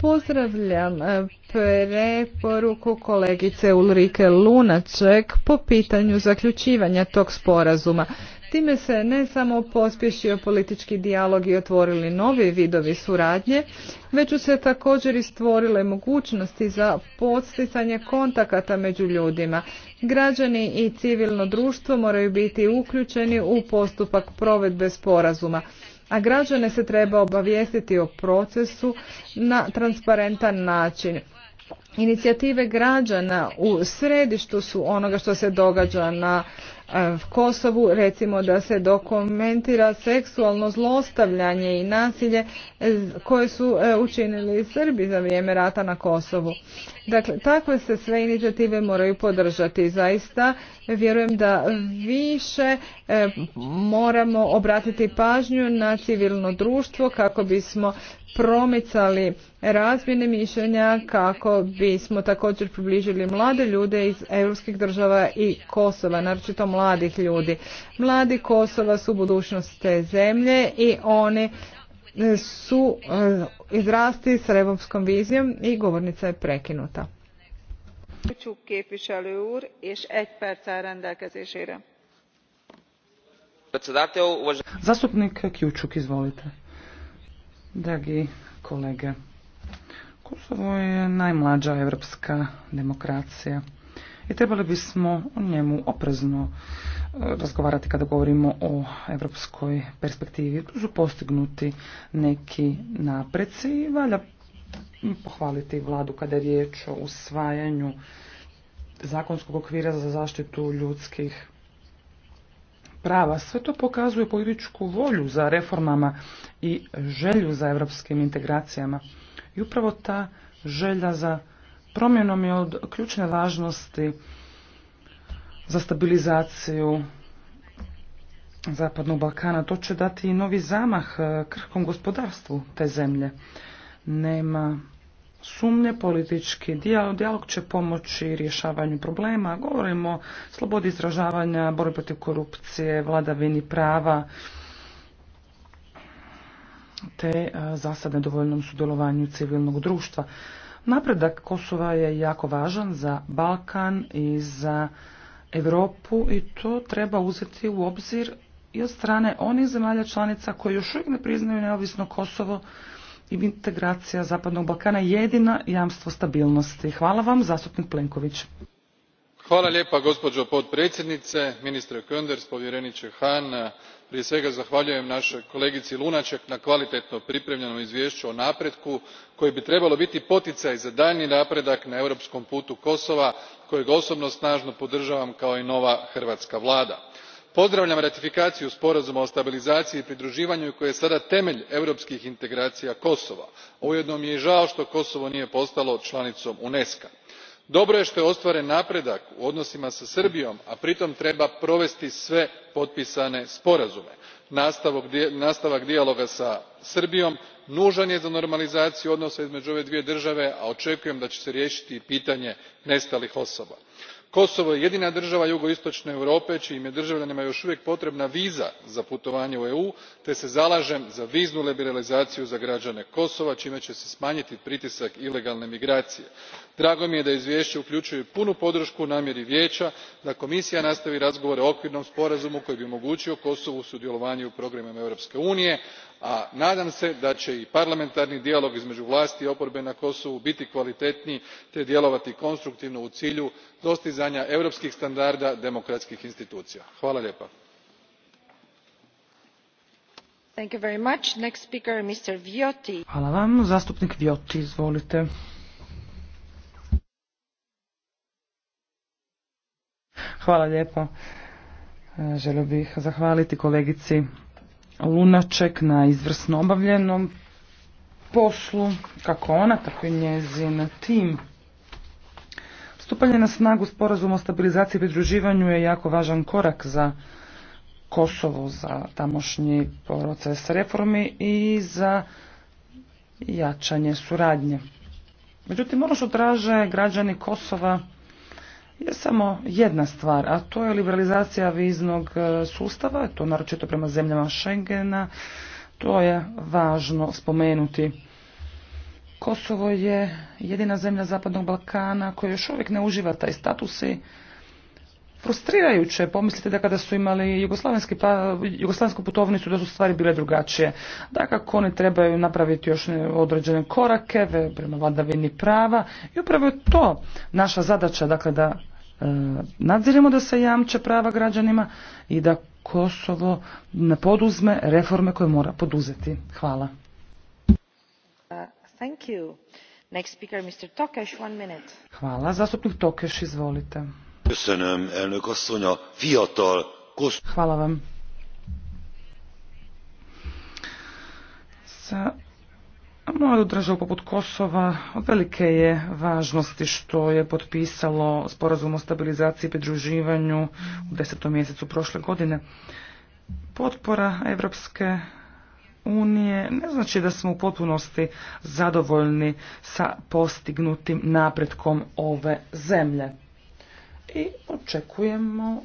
Pozdravljam e, preporuku kolegice Ulrike Lunaček po pitanju zaključivanja tog sporazuma. Time se ne samo pospješio politički dijalog i otvorili novi vidovi suradnje, već su se također i stvorile mogućnosti za podsticanje kontakata među ljudima. Građani i civilno društvo moraju biti uključeni u postupak provedbe sporazuma a građane se treba obavijestiti o procesu na transparentan način. Inicijative građana u središtu su onoga što se događa na E, Kosovu, recimo da se dokumentira seksualno zlostavljanje i nasilje e, koje su e, učinili Srbi za vrijeme rata na Kosovu. Dakle, takve se sve inicijative moraju podržati. Zaista vjerujem da više moramo obratiti pažnju na civilno društvo kako bismo promicali razmjene mišljenja kako bismo također približili mlade ljude iz europskih država i Kosova, naročito mlade mladih ljudi. Mladi Kosova su budućnost te zemlje i oni e, su e, izrasti s evropskom vizijom i govornica je prekinuta. Zastupnik Kjučuk, izvolite. Dragi kolege, Kosovo je najmlađa evropska demokracija i trebali bismo o njemu oprezno e, razgovarati kada govorimo o europskoj perspektivi. Tu su postignuti neki napreci i valja pohvaliti vladu kada je riječ o usvajanju zakonskog okvira za zaštitu ljudskih prava. Sve to pokazuje političku volju za reformama i želju za europskim integracijama. I upravo ta želja za promjenom je od ključne važnosti za stabilizaciju Zapadnog Balkana. To će dati i novi zamah e, krhkom gospodarstvu te zemlje. Nema sumnje, politički dijalog, dijalog će pomoći rješavanju problema. Govorimo o slobodi izražavanja, borbi protiv korupcije, vladavini prava te e, zasadne dovoljnom sudjelovanju civilnog društva. Napredak Kosova je jako važan za Balkan i za Europu i to treba uzeti u obzir i od strane onih zemalja članica koji još uvijek ne priznaju neovisno Kosovo i integracija Zapadnog Balkana jedina jamstvo stabilnosti. Hvala vam, zastupnik Plenković. Hvala lijepa gospođo potpredsjednice, ministre Könders, povjereniče Han, prije svega zahvaljujem našoj kolegici lunacek na kvalitetno pripremljenom izvješću o napretku koje bi trebalo biti poticaj za daljnji napredak na europskom putu kosova kojeg osobno snažno podržavam kao i nova hrvatska vlada. pozdravljam ratifikaciju sporazuma o stabilizaciji i pridruživanju koji je sada temelj europskih integracija kosova a ujedno mi je žao što kosovo nije postalo članicom UNESCO-a dobro je što je ostvaren napredak u odnosima sa srbijom a pritom treba provesti sve potpisane sporazume. nastavak dijaloga sa srbijom nužan je za normalizaciju odnosa između ove dvije države, a očekujem da će se riješiti i pitanje nestalih osoba kosovo je jedina država jugoistočne europe ijim je državljanima jo uvijek potrebna viza za putovanje u eu te se zalaem za viznu liberalizaciju za građane kosova čime će se smanjiti pritisak ilegalne migracije. drago mi je da izvješće ukljuuje punu podrku namjeri Vijeća da komisija nastavi razgovore o okvirnom sporazumu koji bi omoguio kosovu sudjelovanje u programima europske unije a nadam se da će i parlamentarni dijalog između vlasti i oporbe na kosovu biti kvalitetniji te djelovati konstruktivno u cilju dostizanja europskih standarda demokratskih institucija. hvala lijepa. Želio bih zahvaliti kolegici Lunaček na izvrsno obavljenom poslu, kako ona, tako i njezin tim. Stupanje na snagu sporazuma o stabilizaciji i pridruživanju je jako važan korak za Kosovo, za tamošnji proces reformi i za jačanje suradnje. Međutim, ono što traže građani Kosova je samo jedna stvar, a to je liberalizacija viznog e, sustava, to naročito prema zemljama Schengena, to je važno spomenuti. Kosovo je jedina zemlja Zapadnog Balkana koja još uvijek ne uživa taj status i frustrirajuće. Pomislite da kada su imali jugoslavenski pa, jugoslavensku putovnicu da su stvari bile drugačije. Dakle, oni trebaju napraviti još određene korake prema vladavini prava i upravo je to naša zadaća dakle da E, nadziremo da se jamče prava građanima i da Kosovo ne poduzme reforme koje mora poduzeti. Hvala. Uh, thank you. Next speaker, Hvala. Zastupnik Tokeš, izvolite. Hvala vam. Sa moja država poput Kosova od velike je važnosti što je potpisalo sporazum o stabilizaciji i pridruživanju u desetom mjesecu prošle godine. Potpora Evropske unije ne znači da smo u potpunosti zadovoljni sa postignutim napretkom ove zemlje. I očekujemo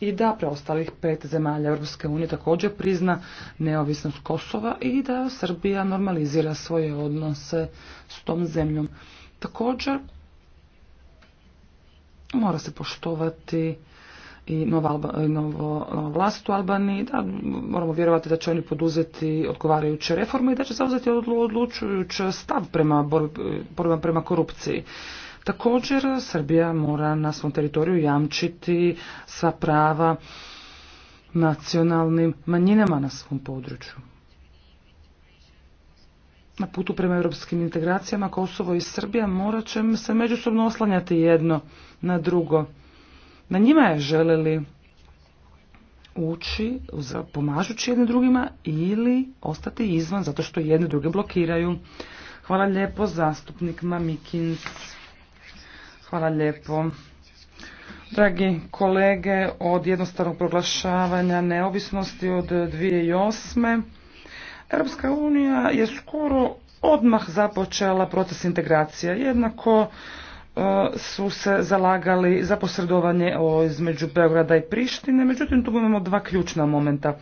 i da preostalih pet zemalja Europske unije također prizna neovisnost Kosova i da Srbija normalizira svoje odnose s tom zemljom. Također mora se poštovati i novo, vlast u Albaniji, da moramo vjerovati da će oni poduzeti odgovarajuće reforme i da će zauzeti odlučujući stav prema, prema korupciji. Također, Srbija mora na svom teritoriju jamčiti sva prava nacionalnim manjinama na svom području. Na putu prema europskim integracijama Kosovo i Srbija morat će se međusobno oslanjati jedno na drugo. Na njima je želeli ući pomažući jednim drugima ili ostati izvan zato što jedne druge blokiraju. Hvala lijepo zastupnik Mamikins. Hvala lijepo. Dragi kolege, od jednostavnog proglašavanja neovisnosti od 2008. Europska unija je skoro odmah započela proces integracije. Jednako E, su se zalagali za posredovanje između Beograda i Prištine, međutim tu imamo dva ključna momenta.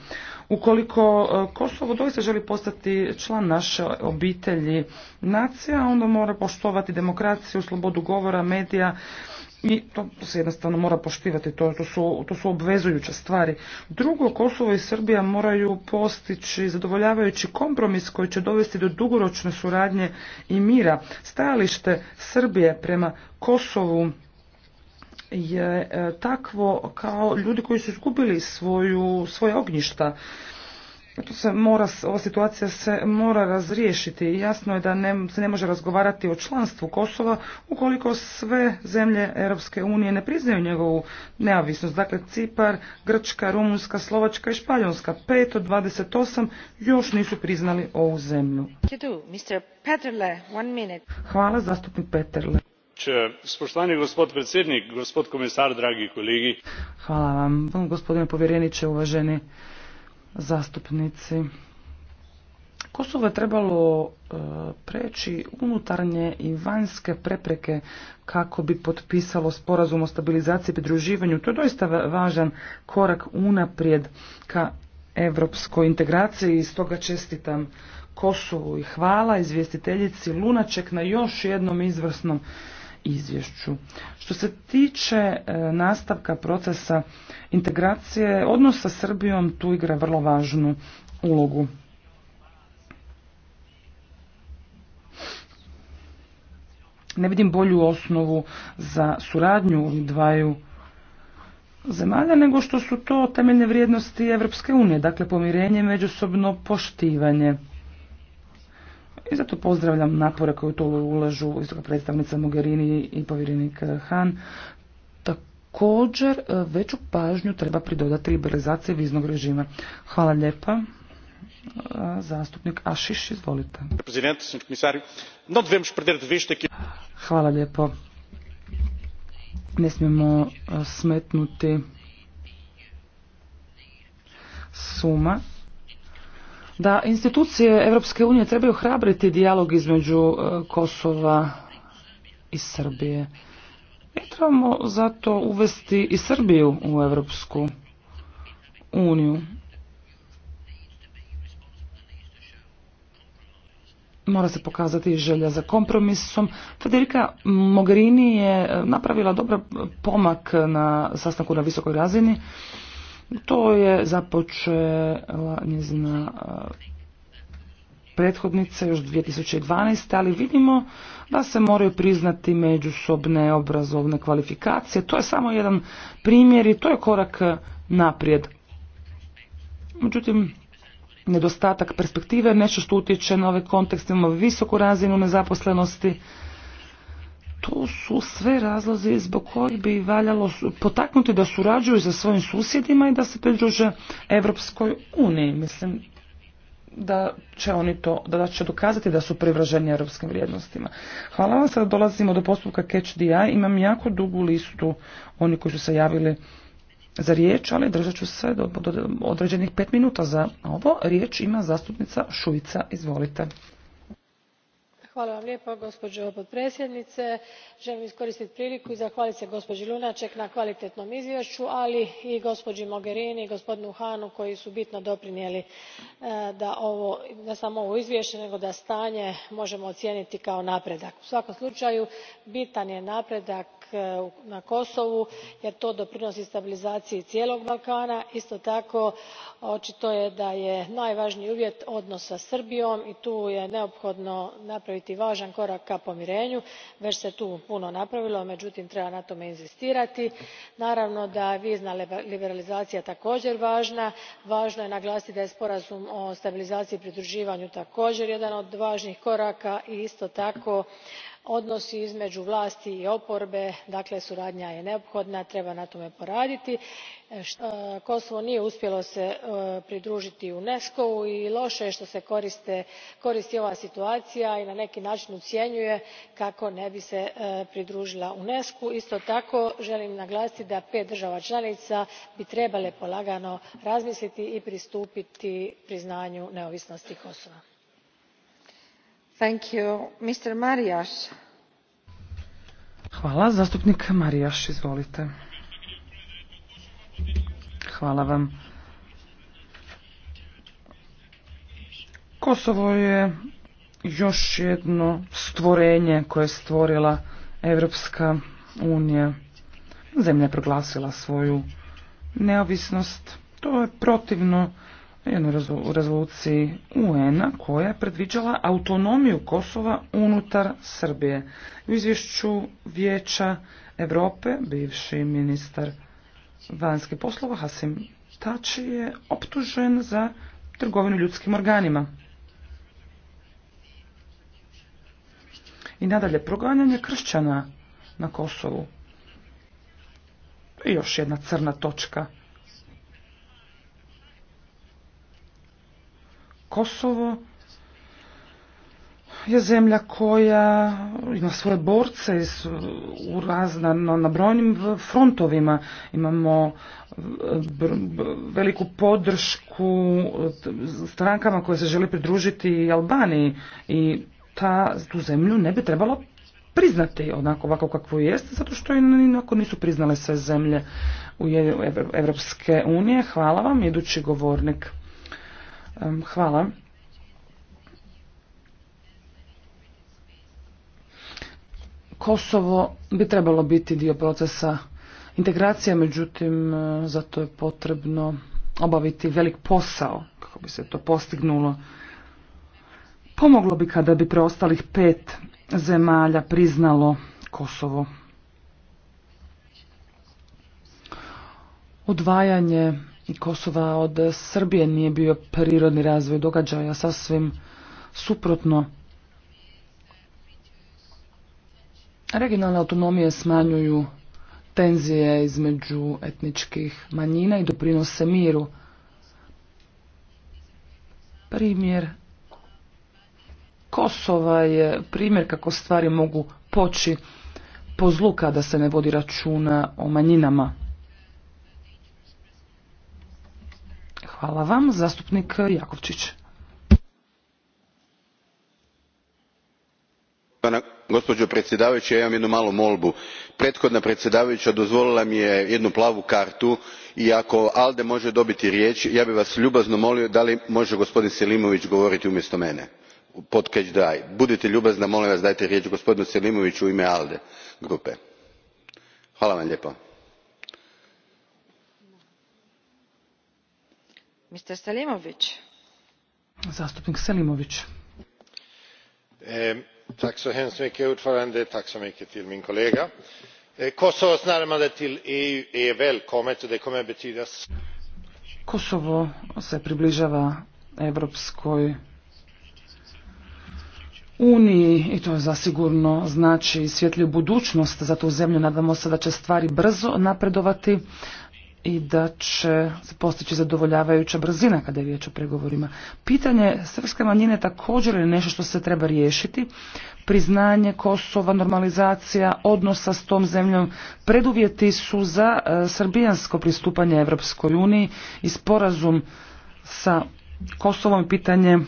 Ukoliko e, Kosovo doista želi postati član naše obitelji nacija, onda mora poštovati demokraciju, slobodu govora, medija i to se jednostavno mora poštivati, to, to, su, to su obvezujuće stvari. Drugo, Kosovo i Srbija moraju postići zadovoljavajući kompromis koji će dovesti do dugoročne suradnje i mira. Stajalište Srbije prema Kosovu je e, takvo kao ljudi koji su izgubili svoju, svoje ognjišta tu se mora, ova situacija se mora razriješiti i jasno je da ne, se ne može razgovarati o članstvu Kosova ukoliko sve zemlje Europske unije ne priznaju njegovu neovisnost. Dakle, Cipar, Grčka, Rumunjska, Slovačka i Španjolska, 5 od 28, još nisu priznali ovu zemlju. Hvala, zastupnik Peterle. Spoštovani gospod predsjednik, gospod komisar, dragi kolegi. Hvala vam, gospodine povjereniče, uvaženi zastupnici. Kosovo je trebalo e, preći unutarnje i vanjske prepreke kako bi potpisalo sporazum o stabilizaciji i pridruživanju. To je doista važan korak unaprijed ka evropskoj integraciji i stoga čestitam Kosovu i hvala izvjestiteljici Lunaček na još jednom izvrsnom izvješću. Što se tiče e, nastavka procesa integracije, odnos sa Srbijom tu igra vrlo važnu ulogu. Ne vidim bolju osnovu za suradnju ovih dvaju zemalja nego što su to temeljne vrijednosti Evropske unije, dakle pomirenje i međusobno poštivanje. I zato pozdravljam napore koje to ulažu visoka predstavnica Mogherini i povjerenik Han. Također e, veću pažnju treba pridodati liberalizaciji viznog režima. Hvala lijepa. E, zastupnik Ašiš, izvolite. Hvala lijepo. Ne smijemo e, smetnuti suma da institucije Europske unije trebaju hrabriti dijalog između e, Kosova i Srbije. I trebamo zato uvesti i Srbiju u Europsku uniju. Mora se pokazati želja za kompromisom. Federica Mogherini je napravila dobar pomak na sastanku na visokoj razini. To je započela njezina prethodnica još 2012. ali vidimo da se moraju priznati međusobne obrazovne kvalifikacije. To je samo jedan primjer i to je korak naprijed. Međutim, nedostatak perspektive nešto što utječe na ovaj kontekst. Imamo visoku razinu nezaposlenosti, to su sve razlozi zbog kojih bi valjalo potaknuti da surađuju sa svojim susjedima i da se pridruže Evropskoj uniji. Mislim da će oni to, da će dokazati da su privraženi europskim vrijednostima. Hvala vam, sada dolazimo do postupka Catch DI. Imam jako dugu listu oni koji su se javili za riječ, ali držat ću se do određenih pet minuta za ovo. Riječ ima zastupnica Šujica. Izvolite gospođo potpredsjednice želim iskoristiti priliku i zahvaliti se gospođi Lunaček na kvalitetnom izvješću ali i gospođi mogherini i gospodinu Hanu koji su bitno doprinijeli e, da ne samo ovo izvješće nego da stanje možemo ocijeniti kao napredak. u svakom slučaju bitan je napredak E, na kosovu jer to doprinosi stabilizaciji cijelog balkana. isto tako oito je da je najvažniji uvjet odnos sa srbijom i tu je neophodno napraviti važan korak ka pomirenju ve se tu puno napravilo međutim treba na tome inzistirati. naravno da je vizna liberalizacija također važna. Važno je naglasiti da je sporazum o stabilizaciji i pridruivanju također jedan od vanih koraka i isto tako odnosi između vlasti i oporbe dakle suradnja je neophodna treba na tome poraditi. E, e, kosovo nije uspjelo se e, pridružiti unesco u i loše je što se koristi ova situacija i na neki način ucjenjuje kako ne bi pridružila unesco u. isto tako želim naglasiti da pet država članica trebale polagano razmisliti i pristupiti priznanju neovisnosti kosova. Thank you. Mr. Marijaš. Hvala. Zastupnik Marijaš, izvolite. Hvala vam. Kosovo je još jedno stvorenje koje je stvorila Evropska unija. Zemlja je proglasila svoju neovisnost. To je protivno jednoj rezoluciji UN-a koja je predviđala autonomiju Kosova unutar Srbije. U izvješću Vijeća Europe bivši ministar vanjskih poslova Hasim Tači je optužen za trgovinu ljudskim organima. I nadalje, proganjanje kršćana na Kosovu. I još jedna crna točka. Kosovo je zemlja koja ima svoje borce u razna, na brojnim frontovima. Imamo veliku podršku strankama koje se žele pridružiti Albaniji i ta, tu zemlju ne bi trebalo priznati onako ovako kakvu jeste, zato što inako nisu priznale sve zemlje u Evropske unije. Hvala vam, idući govornik. Hvala. Kosovo bi trebalo biti dio procesa integracije, međutim e, zato je potrebno obaviti velik posao kako bi se to postignulo. Pomoglo bi kada bi preostalih pet zemalja priznalo Kosovo. Odvajanje i Kosova od Srbije nije bio prirodni razvoj događaja, sasvim suprotno. Regionalne autonomije smanjuju tenzije između etničkih manjina i doprinose miru. Primjer Kosova je primjer kako stvari mogu poći po zlu kada se ne vodi računa o manjinama. Hvala vam. Zastupnik Jakovčić. gospođo predsjedavajući ja imam jednu malu molbu. prethodna predsjedavajuća dozvolila mi je jednu plavu kartu i ako alde može dobiti riječ ja bih vas ljubazno molio da li može gospodin selimović govoriti umjesto mene pod catch budite ljubazni molim vas dajte riječ gospodinu selimoviću u ime alde grupe. hvala vam lijepo. Mr. Selimović. Zastupnik Selimović. tack så hemskt tack så EU välkommet det Kosovo se približava Evropskoj Uniji i to zasigurno znači svjetliju budućnost za tu zemlju. Nadamo se da će stvari brzo napredovati, i da će se postići zadovoljavajuća brzina kada je riječ o pregovorima. Pitanje srpske manjine također je nešto što se treba riješiti. Priznanje Kosova, normalizacija odnosa s tom zemljom preduvjeti su za e, srbijansko pristupanje Europskoj uniji i sporazum sa Kosovom i pitanje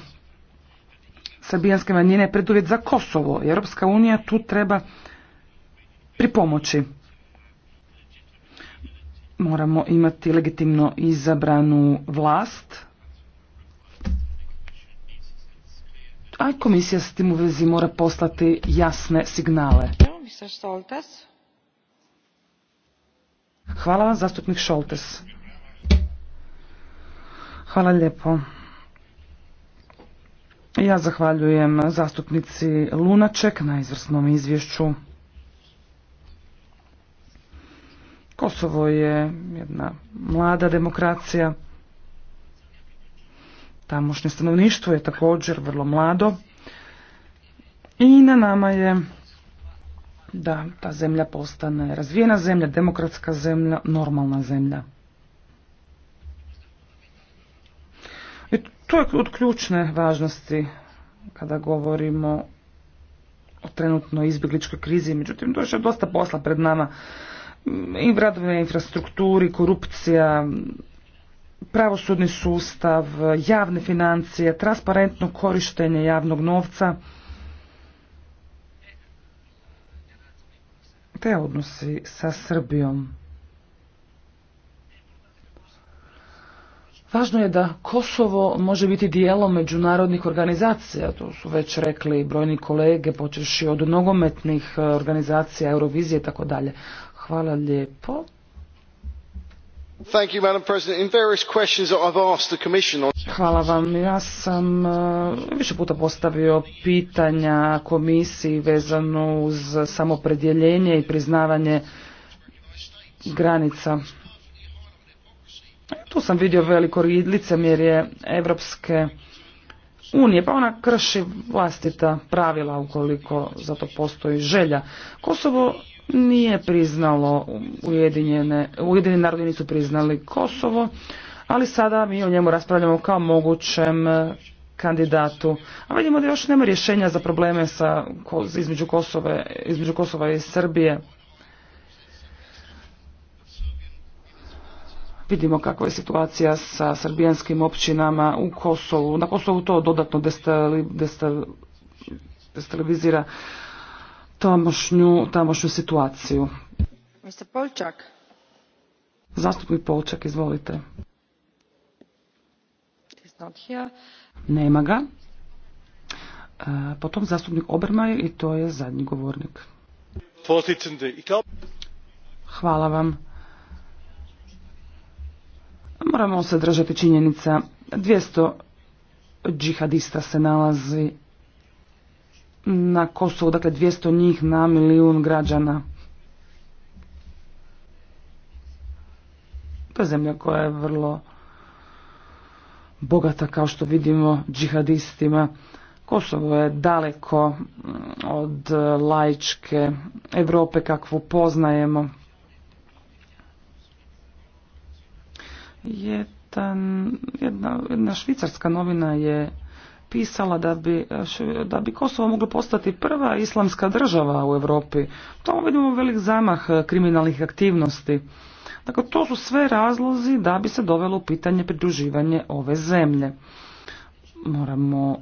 srbijanske manjine preduvjet za Kosovo. Europska unija tu treba pripomoći moramo imati legitimno izabranu vlast, a komisija s tim u vezi mora poslati jasne signale. Hvala vam, zastupnik Šoltes. Hvala lijepo. Ja zahvaljujem zastupnici Lunaček na izvrsnom izvješću. Kosovo je jedna mlada demokracija. Tamošnje stanovništvo je također vrlo mlado. I na nama je da ta zemlja postane razvijena zemlja, demokratska zemlja, normalna zemlja. I to je od ključne važnosti kada govorimo o trenutnoj izbjegličkoj krizi. Međutim, došlo je dosta posla pred nama i infrastrukturi, korupcija, pravosudni sustav, javne financije, transparentno korištenje javnog novca, te odnosi sa Srbijom. Važno je da Kosovo može biti dijelom međunarodnih organizacija, to su već rekli brojni kolege, počeši od nogometnih organizacija, Eurovizije i tako dalje. Hvala lijepo. vam. Ja sam eh, više puta postavio pitanja komisiji vezano uz samopredjeljenje i priznavanje granica. Tu sam vidio veliko licemjerje Evropske unije, pa ona krši vlastita pravila ukoliko za to postoji želja. Kosovo nije priznalo Ujedinjene, Ujedinjeni narodi nisu priznali Kosovo, ali sada mi o njemu raspravljamo kao mogućem e, kandidatu. A vidimo da još nema rješenja za probleme sa, između, Kosove, između Kosova i Srbije. Vidimo kakva je situacija sa srbijanskim općinama u Kosovu. Na Kosovu to dodatno destabilizira tamošnju, tamošnju situaciju. Mr. Polčak. Zastupnik Polčak, izvolite. Not here. Nema ga. E, potom zastupnik Obermaj i to je zadnji govornik. Hvala vam. Moramo se držati činjenica. 200 džihadista se nalazi na Kosovo. dakle 200 njih na milijun građana. To je zemlja koja je vrlo bogata, kao što vidimo, džihadistima. Kosovo je daleko mm, od laičke Europe kakvu poznajemo. Jedan, jedna, jedna švicarska novina je pisala da bi, da bi Kosovo moglo postati prva islamska država u Europi. To vidimo velik zamah kriminalnih aktivnosti. Dakle, to su sve razlozi da bi se dovelo u pitanje pridruživanje ove zemlje. Moramo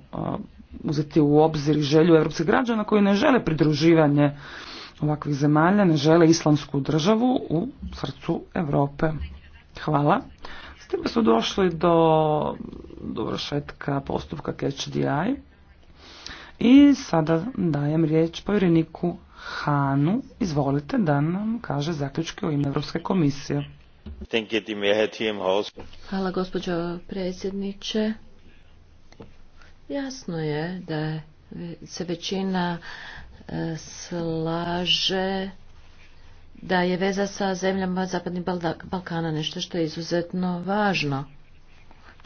uzeti u obzir želju evropskih građana koji ne žele pridruživanje ovakvih zemalja, ne žele islamsku državu u srcu Europe. Hvala. S time su došli do dovršetka postupka Catch I sada dajem riječ povjereniku Hanu. Izvolite da nam kaže zaključke u ime Europske komisije. Hvala gospođo predsjedniče. Jasno je da se većina e, slaže da je veza sa zemljama Zapadnih Balkana nešto što je izuzetno važno.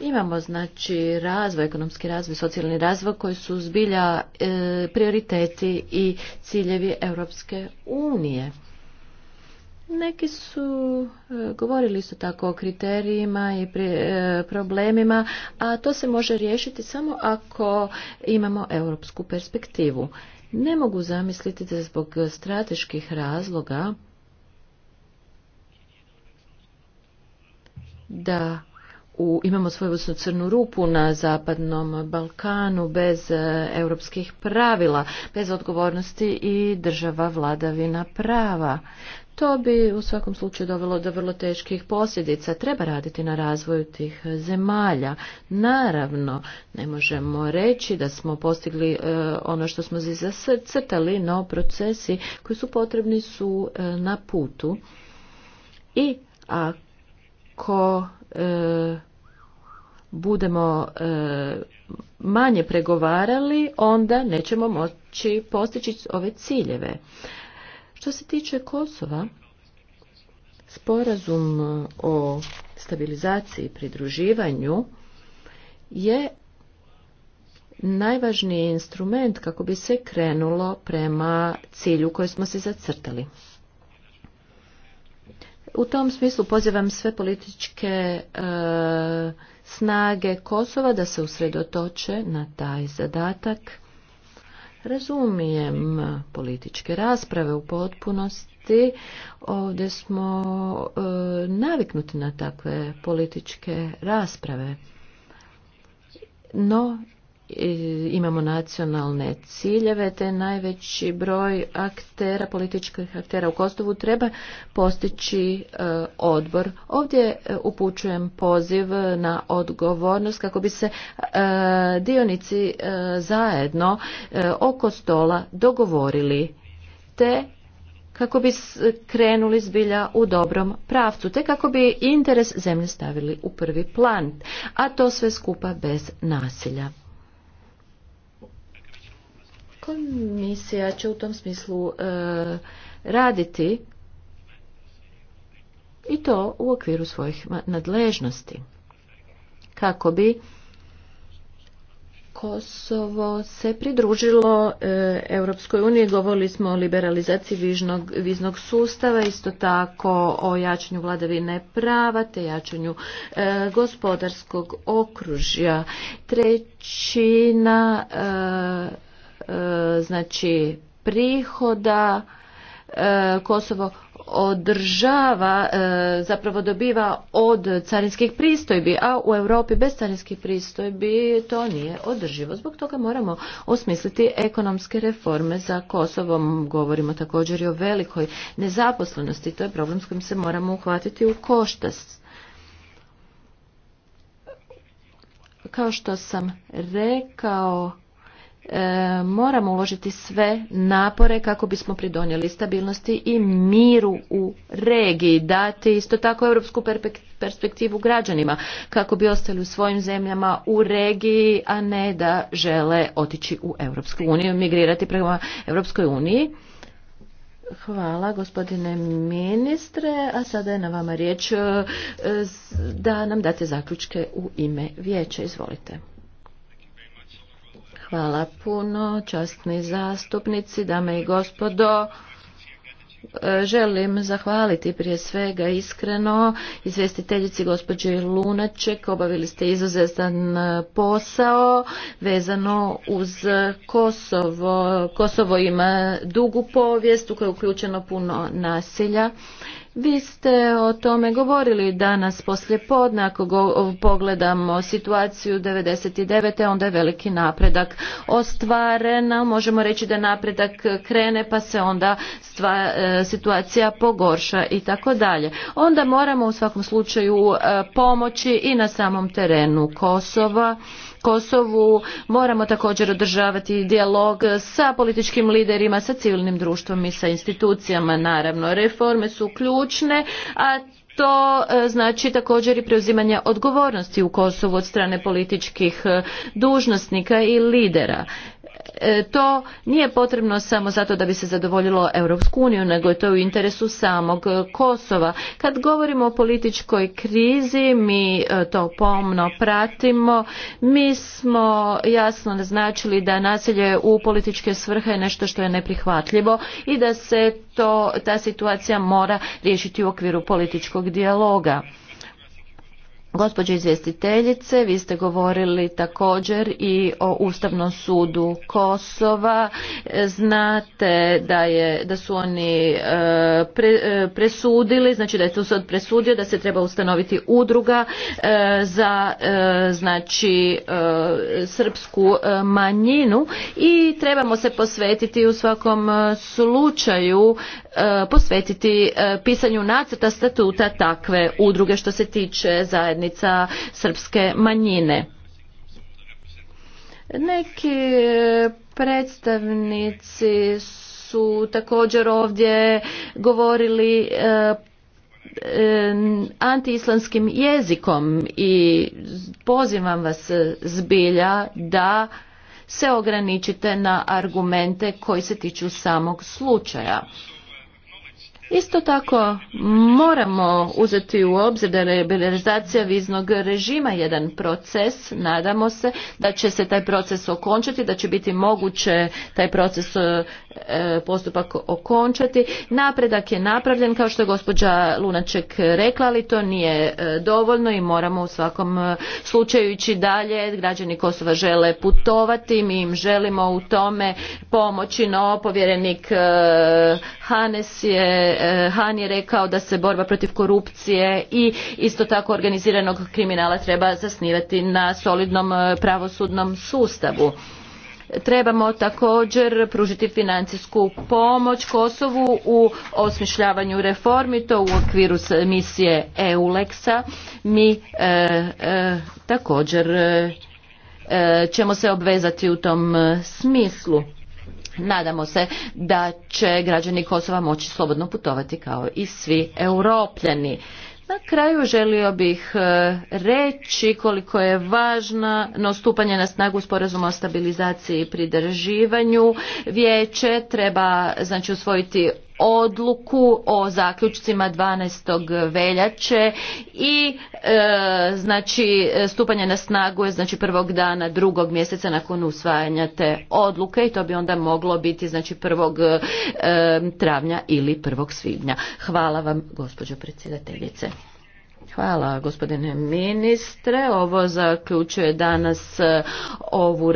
Imamo znači razvoj, ekonomski razvoj, socijalni razvoj koji su zbilja e, prioriteti i ciljevi Europske unije. Neki su e, govorili su tako o kriterijima i e, problemima, a to se može riješiti samo ako imamo europsku perspektivu. Ne mogu zamisliti da zbog strateških razloga da u, imamo svojevrsnu crnu rupu na zapadnom Balkanu bez e, europskih pravila, bez odgovornosti i država vladavina prava. To bi u svakom slučaju dovelo do vrlo teških posljedica. Treba raditi na razvoju tih zemalja. Naravno, ne možemo reći da smo postigli e, ono što smo zacrtali, no procesi koji su potrebni su e, na putu. I ako budemo e, manje pregovarali, onda nećemo moći postići ove ciljeve. Što se tiče Kosova, sporazum o stabilizaciji i pridruživanju je najvažniji instrument kako bi se krenulo prema cilju koji smo se zacrtali. U tom smislu pozivam sve političke e, snage Kosova da se usredotoče na taj zadatak. Razumijem političke rasprave u potpunosti. Ovdje smo e, naviknuti na takve političke rasprave. No, imamo nacionalne ciljeve, te najveći broj aktera, političkih aktera u Kostovu treba postići e, odbor. Ovdje e, upućujem poziv na odgovornost kako bi se e, dionici zajedno oko stola dogovorili te kako bi krenuli zbilja u dobrom pravcu, te kako bi interes zemlje stavili u prvi plan, a to sve skupa bez nasilja. Komisija će u tom smislu e, raditi i to u okviru svojih nadležnosti kako bi Kosovo se pridružilo e, Europskoj uniji, govorili smo o liberalizaciji viznog sustava, isto tako o jačanju vladavine prava te jačanju e, gospodarskog okružja. Trećina e, E, znači prihoda e, Kosovo održava, e, zapravo dobiva od carinskih pristojbi, a u Europi bez carinskih pristojbi to nije održivo. Zbog toga moramo osmisliti ekonomske reforme za Kosovom. Govorimo također i o velikoj nezaposlenosti. To je problem s kojim se moramo uhvatiti u koštas. Kao što sam rekao, E, moramo uložiti sve napore kako bismo pridonijeli stabilnosti i miru u regiji, dati isto tako europsku perspektivu građanima kako bi ostali u svojim zemljama u regiji, a ne da žele otići u Europsku uniju, migrirati prema Europskoj uniji. Hvala gospodine ministre, a sada je na vama riječ e, da nam date zaključke u ime vijeća. Izvolite. Hvala puno, častni zastupnici, dame i gospodo. E, želim zahvaliti prije svega iskreno izvjestiteljici gospođe Lunaček, obavili ste izuzetan e, posao vezano uz Kosovo. Kosovo ima dugu povijest u kojoj je uključeno puno nasilja vi ste o tome govorili danas poslje podne, ako pogledamo situaciju 99. onda je veliki napredak ostvaren, možemo reći da napredak krene pa se onda e, situacija pogorša i tako dalje. Onda moramo u svakom slučaju e, pomoći i na samom terenu Kosova Kosovu. Moramo također održavati dijalog sa političkim liderima, sa civilnim društvom i sa institucijama. Naravno, reforme su ključne, a to e, znači također i preuzimanje odgovornosti u Kosovu od strane političkih e, dužnosnika i lidera. E, to nije potrebno samo zato da bi se zadovoljilo Europsku uniju, nego je to u interesu samog e, Kosova. Kad govorimo o političkoj krizi, mi e, to pomno pratimo. Mi smo jasno naznačili da nasilje u političke svrhe je nešto što je neprihvatljivo i da se ta situacija mora riješiti u okviru političkog dijaloga. Gospođo izvjestiteljice, vi ste govorili također i o Ustavnom sudu Kosova. Znate da, je, da su oni e, e, presudili, znači da je tu sud presudio da se treba ustanoviti udruga e, za znači srpsku manjinu i trebamo se posvetiti u svakom slučaju posvetiti pisanju nacrta statuta takve udruge što se tiče zajedno zajednica srpske manjine. Neki predstavnici su također ovdje govorili e, e, antiislamskim jezikom i pozivam vas zbilja da se ograničite na argumente koji se tiču samog slučaja. Isto tako moramo uzeti u obzir da je liberalizacija viznog režima jedan proces, nadamo se da će se taj proces okončati, da će biti moguće taj proces e, postupak okončati. Napredak je napravljen kao što je gospođa Lunaček rekla, ali to nije e, dovoljno i moramo u svakom e, slučaju ići dalje. Građani Kosova žele putovati, mi im želimo u tome pomoći, no povjerenik Hanes je E, Han je rekao da se borba protiv korupcije i isto tako organiziranog kriminala treba zasnivati na solidnom e, pravosudnom sustavu trebamo također pružiti financijsku pomoć Kosovu u osmišljavanju reformi to u okviru misije EULEX-a mi e, također ćemo se obvezati u tom smislu Nadamo se da će građani Kosova moći slobodno putovati kao i svi europljani. Na kraju želio bih e, reći koliko je važno no stupanje na snagu sporazuma o stabilizaciji i pridrživanju. Vijeće treba znači usvojiti odluku o zaključcima 12. veljače i e, znači stupanje na snagu je znači prvog dana drugog mjeseca nakon usvajanja te odluke i to bi onda moglo biti znači prvog e, travnja ili prvog svibnja. Hvala vam gospođo predsjedateljice. Hvala gospodine ministre. Ovo zaključuje danas e, ovu